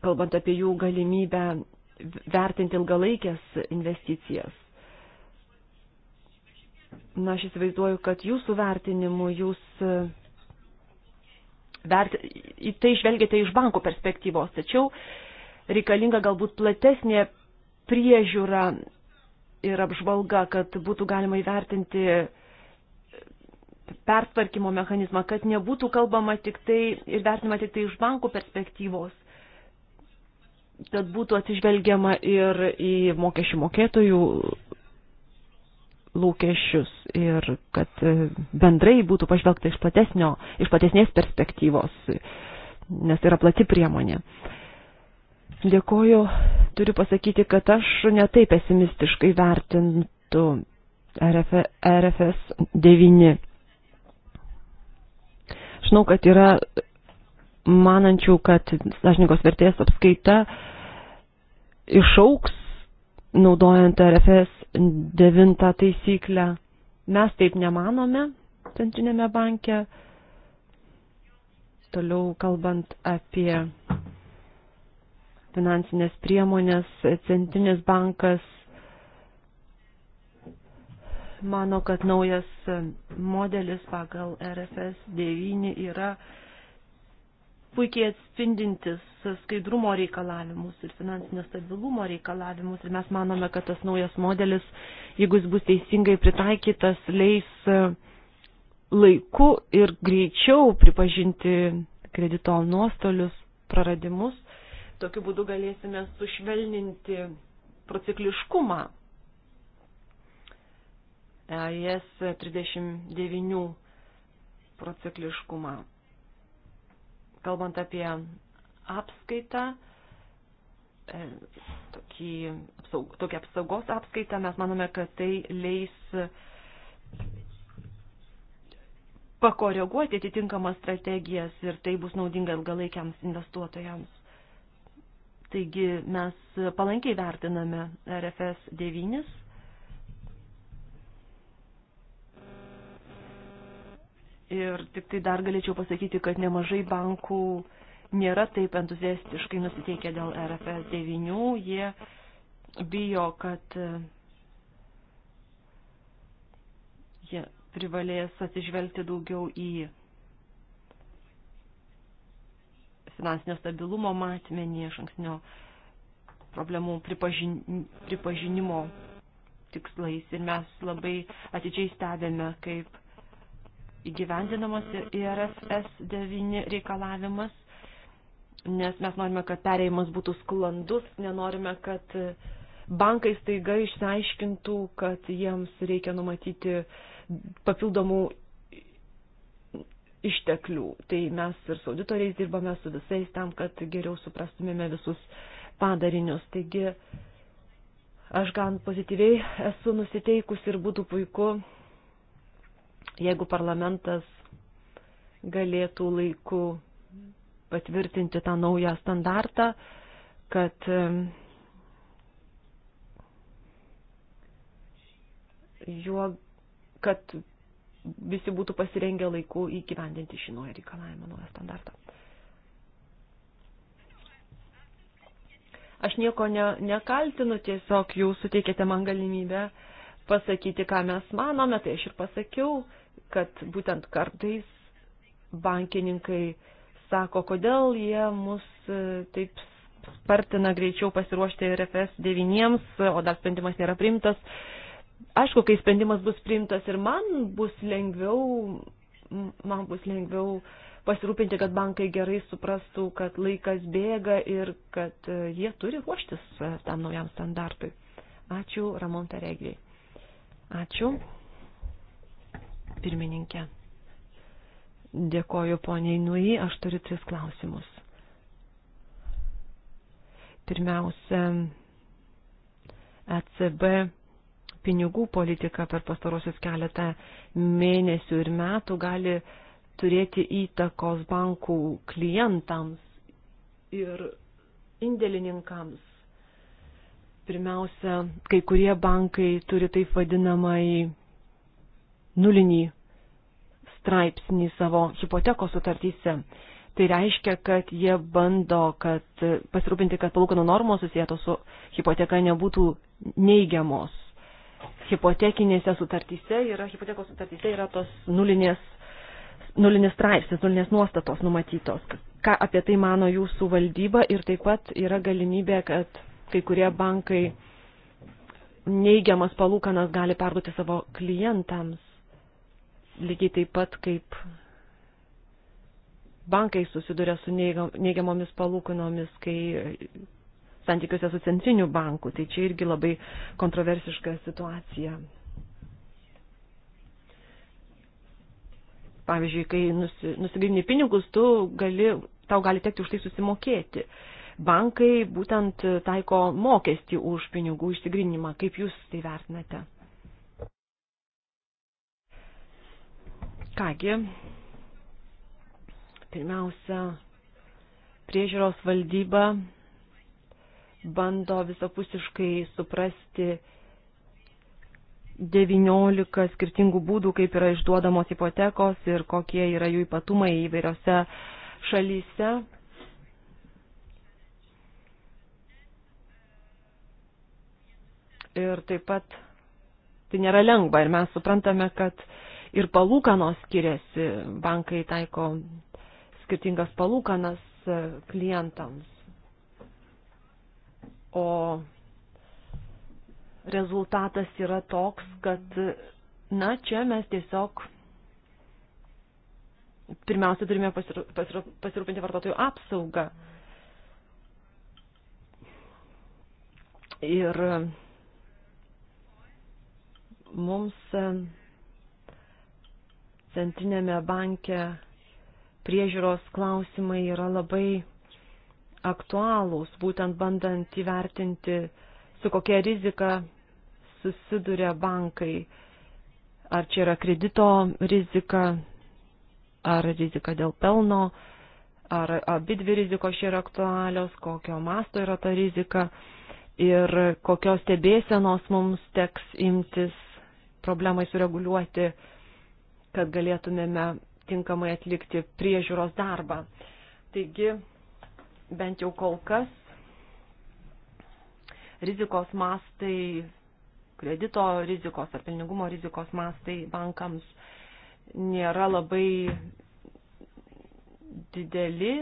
kalbant apie jų galimybę vertinti ilgalaikės investicijas. Na, aš įsivaizduoju, kad jūsų vertinimu jūs vert, į tai žvelgiate iš banko perspektyvos, tačiau reikalinga galbūt platesnė priežiūra ir apžvalga, kad būtų galima įvertinti pertvarkymo mechanizmą, kad nebūtų kalbama tik tai ir vertinama tik tai iš bankų perspektyvos, kad būtų atsižvelgiama ir į mokesčių mokėtojų lūkesčius ir kad e, bendrai būtų pažvelgta iš, platesnio, iš platesnės perspektyvos, nes tai yra plati priemonė. Dėkoju, turiu pasakyti, kad aš netai pesimistiškai vertintų RFS 9. Žinau, kad yra manančių, kad sąžininkos vertės apskaita išauks naudojant RFS 9 taisyklę. Mes taip nemanome centrinėme banke. Toliau kalbant apie finansinės priemonės, centrinis bankas mano, kad naujas modelis pagal RFS 9 yra puikiai atspindintis skaidrumo reikalavimus ir finansinio stabilumo reikalavimus ir mes manome, kad tas naujas modelis, jeigu jis bus teisingai pritaikytas, leis e, laiku ir greičiau pripažinti kredito nuostolius, praradimus. Tokiu būdu galėsime sušvelninti procikliškumą. ES 39 procikliškumą kalbant apie apskaitą, e, tokį, apsaug, tokią apsaugos apskaitą, mes manome, kad tai leis pakoreguoti atitinkamas strategijas ir tai bus naudinga ilgalaikiams investuotojams. Taigi mes palankiai vertiname RFS 9 Ir tik tai dar galėčiau pasakyti, kad nemažai bankų nėra taip entuziastiškai nusiteikę dėl RFS 9. Jie bijo, kad e, jie privalės atsižvelgti daugiau į finansinio stabilumo matmenį, šanksnio problemų pripažin, pripažinimo tikslais. Ir mes labai atidžiai stebėme, kaip įgyvendinamas IRFS 9 reikalavimas, nes mes norime, kad pereimas būtų sklandus, nenorime, kad bankai staiga išsiaiškintų, kad jiems reikia numatyti papildomų išteklių. Tai mes ir su auditoriais dirbame su visais tam, kad geriau suprastumėme visus padarinius. Taigi aš gan pozityviai esu nusiteikus ir būtų puiku jeigu parlamentas galėtų laiku patvirtinti tą naują standartą, kad e, juo, kad visi būtų pasirengę laiku įgyvendinti šį naują reikalavimą, naują standartą. Aš nieko ne, nekaltinu, tiesiog jūs suteikėte man galimybę pasakyti, ką mes manome, tai aš ir pasakiau. Uh, kad būtent kartais bankininkai sako, kodėl jie mus e, taip spartina greičiau pasiruošti RFS 9, o dar sprendimas nėra priimtas. Aišku, kai sprendimas bus priimtas ir man bus lengviau, man bus lengviau pasirūpinti, kad bankai gerai suprastų, kad laikas bėga ir kad e, jie turi ruoštis e, tam naujam standartui. Ačiū Ramon Taregiai. Ačiū pirmininkė. Dėkoju poniai Nui, aš turiu tris klausimus. Pirmiausia, ECB pinigų politika per pastarosius keletą mėnesių ir metų gali turėti įtakos bankų klientams ir indėlininkams. Pirmiausia, kai kurie bankai turi taip vadinamąjį nulinį straipsnį savo hipotekos sutartyse. Tai reiškia, kad jie bando kad pasirūpinti, kad palūkanų normos susijėtos su hipoteka nebūtų neigiamos. Hipotekinėse sutartyse yra, hipotekos sutartyse yra tos nulinės, nulinis straipsnis, nulinės nuostatos numatytos. Ką apie tai mano jūsų valdyba ir taip pat yra galimybė, kad kai kurie bankai neigiamas palūkanas gali perduoti savo klientams lygiai taip pat kaip bankai susiduria su neigiamomis palūkinomis, kai santykiuose su centriniu banku. Tai čia irgi labai kontroversiška situacija. Pavyzdžiui, kai nusigrindini pinigus, tu gali, tau gali tekti už tai susimokėti. Bankai būtent taiko mokestį už pinigų išsigrindimą. Kaip jūs tai vertinate? Kągi, pirmiausia, priežiūros valdyba bando visapusiškai suprasti 19 skirtingų būdų, kaip yra išduodamos hipotekos ir kokie yra jų ypatumai įvairiose šalyse. Ir taip pat tai nėra lengva ir mes suprantame, kad uh, ir palūkanos skiriasi, bankai taiko skirtingas palūkanas e, klientams. O rezultatas yra toks, kad, na, čia mes tiesiog pirmiausia turime pasirūpinti vartotojų apsaugą. Ir mums e, centrinėme banke priežiūros klausimai yra labai aktualūs, būtent bandant įvertinti, su kokia rizika susiduria bankai, ar čia yra kredito rizika, ar rizika dėl pelno, ar abidvi rizikos čia yra aktualios, kokio masto yra ta rizika ir kokios stebėsenos mums teks imtis problemai sureguliuoti kad galėtumėme tinkamai atlikti priežiūros darbą. Taigi, bent jau kol kas, rizikos mastai, kredito rizikos ar pelningumo rizikos mastai bankams nėra labai dideli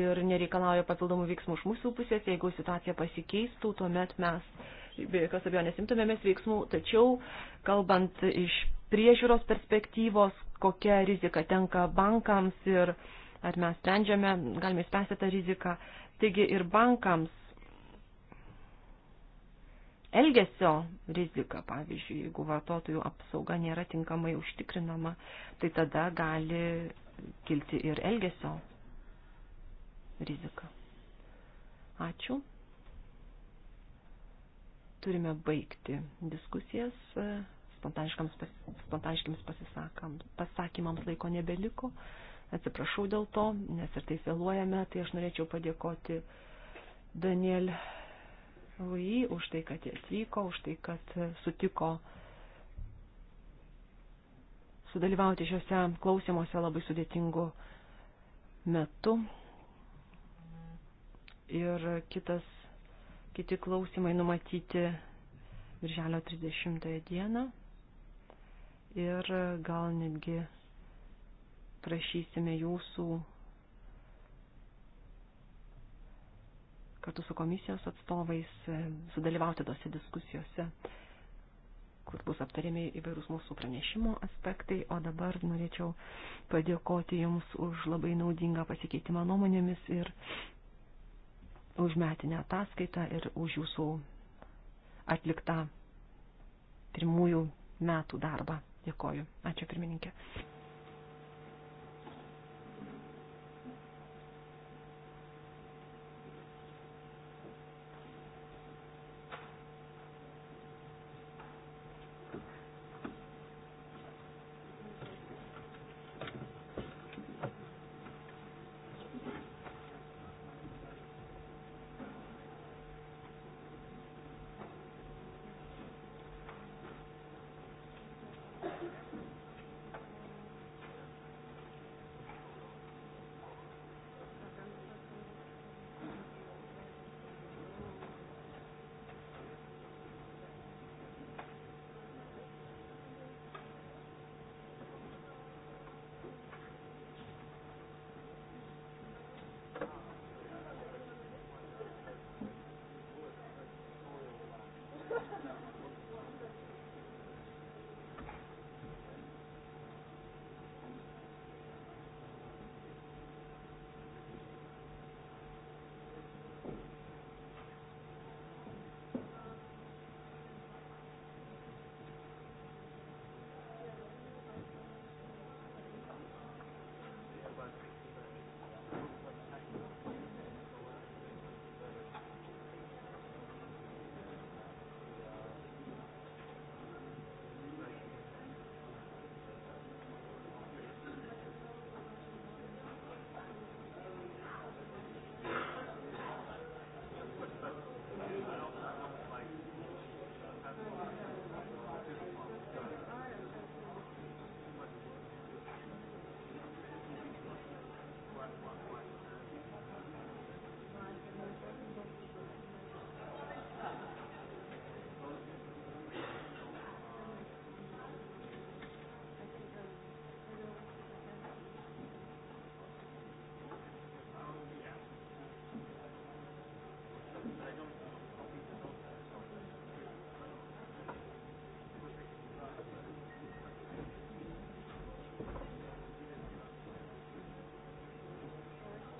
ir nereikalauja papildomų veiksmų iš mūsų pusės. Jeigu situacija pasikeistų, tuomet mes be jokios abejonės imtumėmės veiksmų, tačiau kalbant iš priežiūros perspektyvos, kokia rizika tenka bankams ir ar mes sprendžiame, galime spręsti tą riziką. Taigi ir bankams elgesio rizika, pavyzdžiui, jeigu vartotojų apsauga nėra tinkamai užtikrinama, tai tada gali kilti ir elgesio rizika. Ačiū turime baigti diskusijas. Spontaniškiams pasisakymams laiko nebeliko. Atsiprašau dėl to, nes ir taip vėluojame. Tai aš norėčiau padėkoti Daniel Rui už tai, kad jie atvyko, už tai, kad sutiko sudalyvauti šiuose klausimuose labai sudėtingu metu. Ir kitas Kiti klausimai numatyti Birželio 30 dieną ir gal netgi prašysime jūsų kartu su komisijos atstovais sudalyvauti tose diskusijose, kur bus aptariami įvairūs mūsų pranešimo aspektai. O dabar norėčiau padėkoti Jums už labai naudingą pasikeitimą nuomonėmis ir už metinę ataskaitą ir už jūsų atliktą pirmųjų metų darbą. Dėkoju. Ačiū pirmininkė.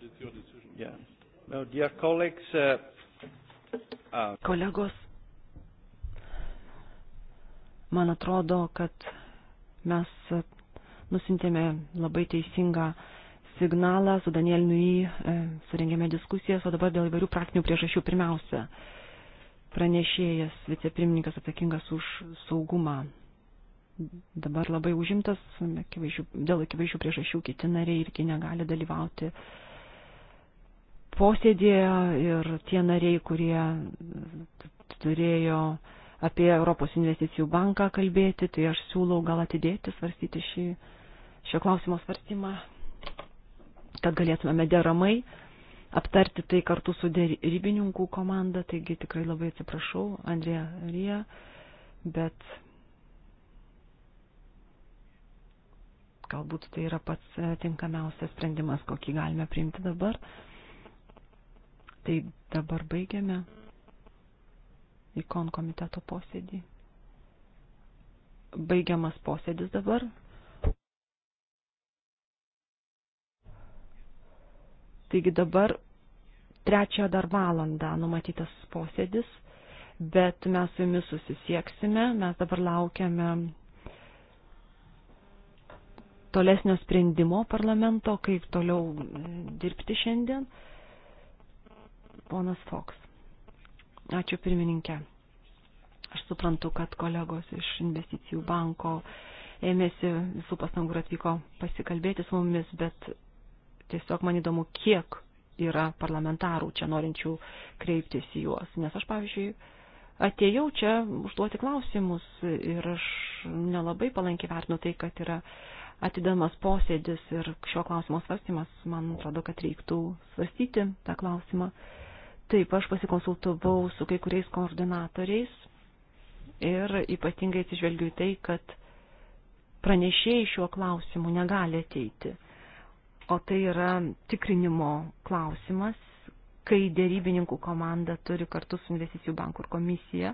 But it's your decision. Yeah. No, dear colleagues. Uh, uh, Kolegos, man atrodo, kad mes uh, nusintėme labai teisingą signalą, su Danielinu į uh, surengėme diskusijas, o dabar dėl įvairių praktinių priežasčių pirmiausia. Pranešėjas, vicepirmininkas atsakingas už saugumą. Dabar labai užimtas, akivaizdžių, dėl akivaizdžių priežasčių kiti nariai irgi negali dalyvauti uh, posėdėje ir tie nariai, kurie turėjo apie Europos investicijų banką kalbėti, tai aš siūlau gal atidėti, svarstyti šį, šio klausimo svarstymą, kad galėtumėme deramai aptarti tai kartu su derybininkų komanda, taigi tikrai labai atsiprašau, Andrė Rija, bet galbūt tai yra pats tinkamiausias sprendimas, kokį galime priimti dabar. Tai dabar baigiame ikon komiteto posėdį. Baigiamas posėdis dabar. Taigi dabar trečią dar valandą numatytas posėdis, bet mes su jumis susisieksime, mes dabar laukiame tolesnio sprendimo parlamento, kaip toliau dirbti šiandien. Ponas Fox. Ačiū pirmininkė. Aš suprantu, kad kolegos iš investicijų banko ėmėsi visų pastangų ir atvyko pasikalbėti su mumis, bet tiesiog man įdomu, kiek yra parlamentarų čia norinčių kreiptis į juos. Nes aš, pavyzdžiui, atėjau čia užduoti klausimus ir aš nelabai palankiai vertinu tai, kad yra atidamas posėdis ir šio klausimo svarstymas. Man atrodo, kad reiktų svarstyti tą klausimą. Taip, aš pasikonsultavau su kai kuriais koordinatoriais ir ypatingai atsižvelgiu į tai, kad pranešėjai šiuo klausimu negali ateiti. O tai yra tikrinimo klausimas, kai dėrybininkų komanda turi kartu su investicijų banku ir komisija.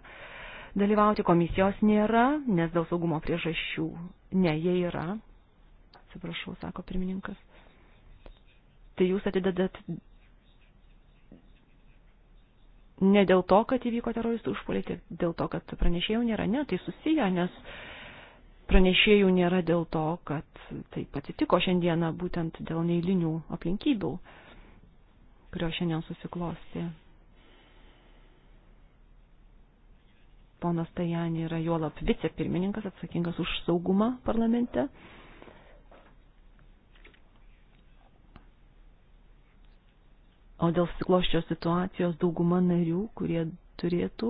Dalyvauti komisijos nėra, nes dėl saugumo priežasčių. Ne, jie yra. Atsiprašau, sako pirmininkas. Tai jūs atidedat ne dėl to, kad įvyko teroristų užpuolį, tai dėl to, kad pranešėjų nėra. Ne, tai susiję, nes pranešėjų nėra dėl to, kad taip atsitiko šiandieną būtent dėl neįlinių aplinkybių, kurio šiandien susiklosti. Ponas Tajani yra juolap vicepirmininkas atsakingas už saugumą parlamente. O dėl sikloščios situacijos dauguma narių, kurie turėtų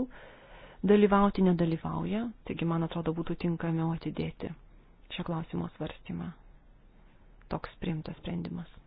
dalyvauti, nedalyvauja. Taigi, man atrodo, būtų tinkamiau atidėti šio klausimo svarstymą. Toks priimtas sprendimas.